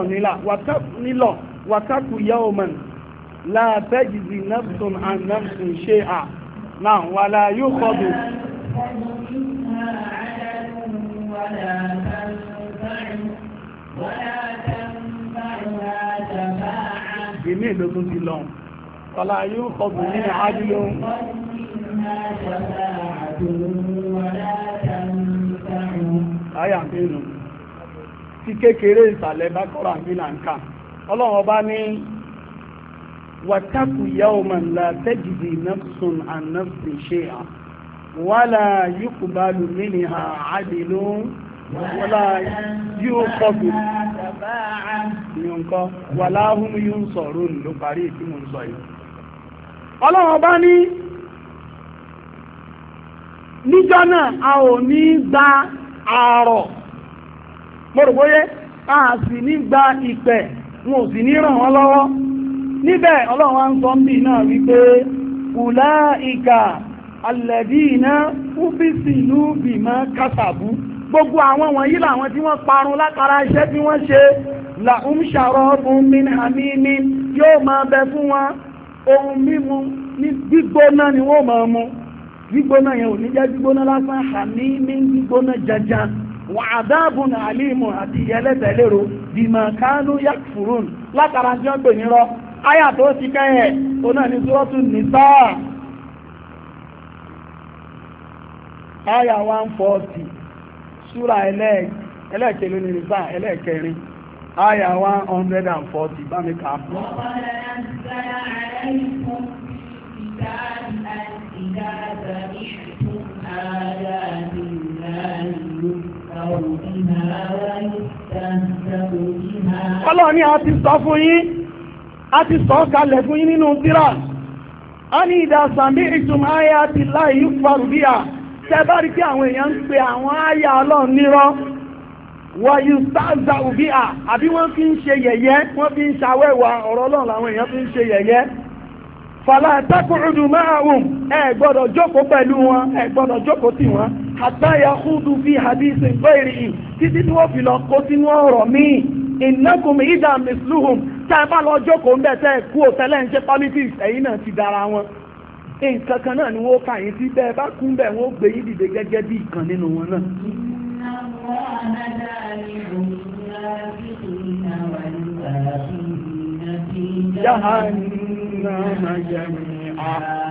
nílọ̀ wàtákù yawman la tajzi nafsun an nafsun shay'a náà wala yuqadu Èmi ìlú tó ti lọ, ọ̀la yóò kọ̀bù ní àádìlò. Ayà ń bèèrè àti kékeré ìsàlẹ̀ bákọ́rà nílànkà ọlọ́run ọba ní wàtàkù yawman la tajzi nafsun an nafsin shay'a wala yuqbalu minha adlun wala yuqadu nǹkan wala hum yunsarun ló parí tí mo ń sọ yìí ọlọ́run ọba ní níjọ́ náà a ò ní gba àárọ̀ mọ́rùgbóyé a sì ní gba ìpẹ̀ wọn ò sì ní ràn wọ́n lọ́wọ́ níbẹ̀ ọlọ́run ń sọ bí náà wípé kùlá ìkà alẹ̀bí iná fúbísì ìlú bìmọ́ kásàbú gbogbo àwọn wọ̀nyí làwọn tí wọ́n parun látara iṣẹ́ tí wọ́n ṣe la ń ṣàrọ̀ ọ̀bùn mi ní àmì ní yóò máa bẹ fún wọn ohun mímu ní gbígbóná ni wọ́n máa mu gbígbóná yẹn ò ní jẹ́ gbígbóná lásán àmì ní gbígbóná janjan wàdábùn àlímù àti ìyẹlẹ́tẹ̀lérò dìmọ̀kánú yàkfùrún látara tí wọ́n gbè nírọ́ áyà tó ti kẹ́yẹ̀ tó náà ní sọ́ọ̀tún nìsá 140 súra ẹlẹ́ẹ̀kẹ́lú ní nìsá ẹlẹ́ẹ̀kẹrin áyà 140 bá mi kà á fún Ìdájọ́ ìṣẹ̀kùn ààrẹ àti ìlànà Ọlọ́run ni a ti sọ fún yín, a ti sọ kalẹ̀ fún nínú tírà. A ní ìdá sàmí ayá ti láì yí farù bí Tẹ bá rí kí àwọn èèyàn ń pe àwọn ayá ọlọ́run nírọ́. Wọ̀yí sáàzà òbí à, àbí wọ́n fi ń ṣe yẹ̀yẹ́, wọ́n fi ń ṣàwẹ́wà ọ̀rọ̀ ọlọ́run làwọn èèyàn fi ń ṣe yẹ̀yẹ́ fàlá gbọ́dọ̀ wọn gbọ́dọ̀ tì wọ́n hatta yakhudu fi hadithin ghairihi títí tí wọ́n fi lọ kó sínú ọ̀rọ̀ míì innakum idha misluhum tá ẹ bá lọ jókòó ń bẹ̀ tẹ́ ẹ kú òtẹ́lẹ̀ ń ṣe politics ẹ̀yin náà ti dára wọn nǹkan kan náà ni wọ́n kà yín sí bẹ́ẹ̀ bá kú bẹ́ẹ̀ wọ́n gbé yín dìde gẹ́gẹ́ bí ìkan nínú wọn náà.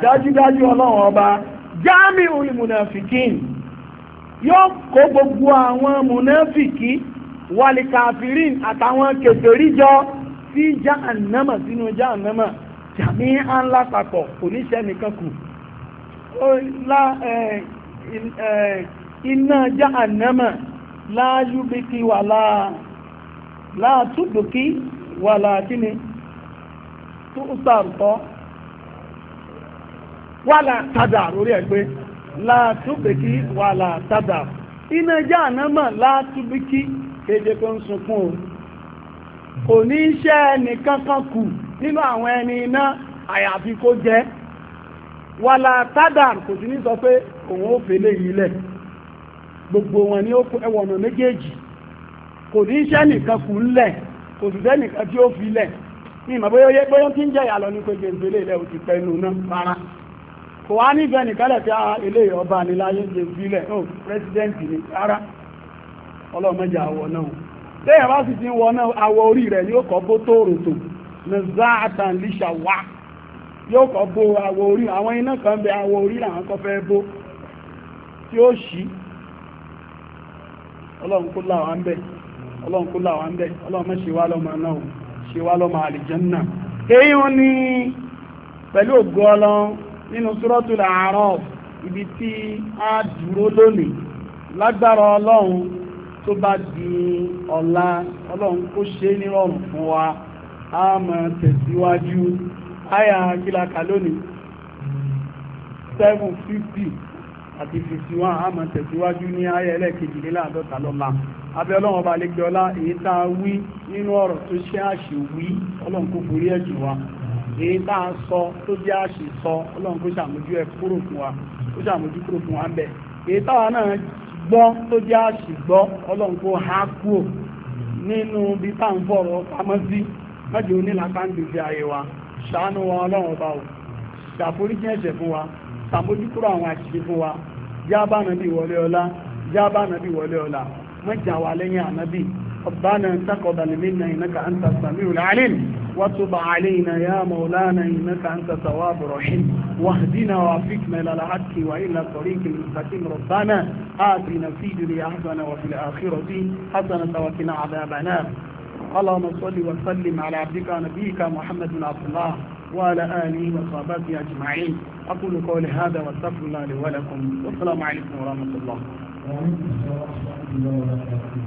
dájúdájú ọlọ́run ọba jáàmì olùmùnàfíkìn yóò kó gbogbo àwọn mùnáfìkì wàlìkàfìrín àtàwọn kèfèrí jọ sí jahannama sínú jahannama jàmí ńlá papọ̀ kò ní ṣe nìkan kù iná jahannama láàyùbíkí wà láàtúbùkí wà wala tó sàrùtọ́ wà látàdà lórí ẹgbẹ́ látúbìkí wà látàdà iná jahannama látúbìkí kéde kó ń sunkún o kò ní iṣẹ́ ẹnìkan kan kù nínú àwọn ẹni iná àyàfi kó jẹ́ wà látàdà kò sí ní sọ pé òun ó fèlè yìí lẹ̀ gbogbo wọn ni ó ẹwọ̀n ọ̀nà méjèèjì kò ní iṣẹ́ nìkan kù ńlẹ̀ kò sì sẹ́nìkan tí ó fi lẹ̀ ní ìmọ̀ bóyá bóyá tí ń jẹ́ ìyàlọ́ ní pé gbèǹgbèlè ilẹ̀ òtì pẹ̀lú kò wá nífẹ̀ẹ́ nìkálẹ̀ tí a ah, ilé ọba níláyé jẹ sílẹ̀ náà pírẹsidẹ́ntì ni rárá ọlọ́mọjà àwọ̀ náà tẹ́yẹ̀ bá sì ti wọ náà àwọ̀ orí rẹ̀ yóò kọ́ bó ní wá yóò kọ́ bó àwọ̀ orí àwọn kan bẹ àwọ̀ orí làwọn kọ́ fẹ́ bó tí ó ṣí ń bẹ̀ ń bẹ̀ ṣe wá lọ́mọ nínú Suratul A'raf ibi tí a dúró lónìí lágbára ọlọ́run tó bá di ọ̀la ọlọ́run kó ṣe nírọ̀rùn fún wa a máa tẹ̀síwájú àyà kílaka lónìí 750 àti 51 a máa tẹ̀síwájú ní àyà ẹlẹ́kejìléláàdọ́ta lọ́la abẹ́ ọlọ́run ọba lẹ́gbẹ̀ọ́lá èyí tá a wí nínú ọ̀rọ̀ tó ṣe àṣewí ọlọ́run kó borí ẹ̀jẹ̀ wa èyí tá à sọ tó a àṣì sọ ọlọ́run kó ṣàmójú ẹ kúrò fún wa kó ṣàmójú kúrò fún wa ń èyí táwa náà gbọ́ tó a àṣì gbọ́ ọlọ́run kó há kúrò nínú bí tá à ń fọ̀rọ̀ pamọ́ sí mẹ́jọ onílàkàndì ayé wa ṣàánú ọlọ́run ọba o ṣàforíjì ẹ̀ṣẹ̀ fún wa ṣàmójú kúrò àwọn àṣìṣe fún wa nàbí wọlé ọlá nàbí wọlé ọlá wà lẹ́yìn ànábì ọ̀bánà ń وتب علينا يا مولانا إنك أنت تواب رحيم واهدنا وافقنا إلى الحق وإلى طريق المستقيم ربنا آتنا في الدنيا حسنة وفي الآخرة حسنة وقنا عذاب اللهم صل وسلم على عبدك ونبيك محمد بن عبد الله وعلى آله وصحبه أجمعين أقول قولي هذا واستغفر الله لي ولكم والسلام عليكم ورحمة الله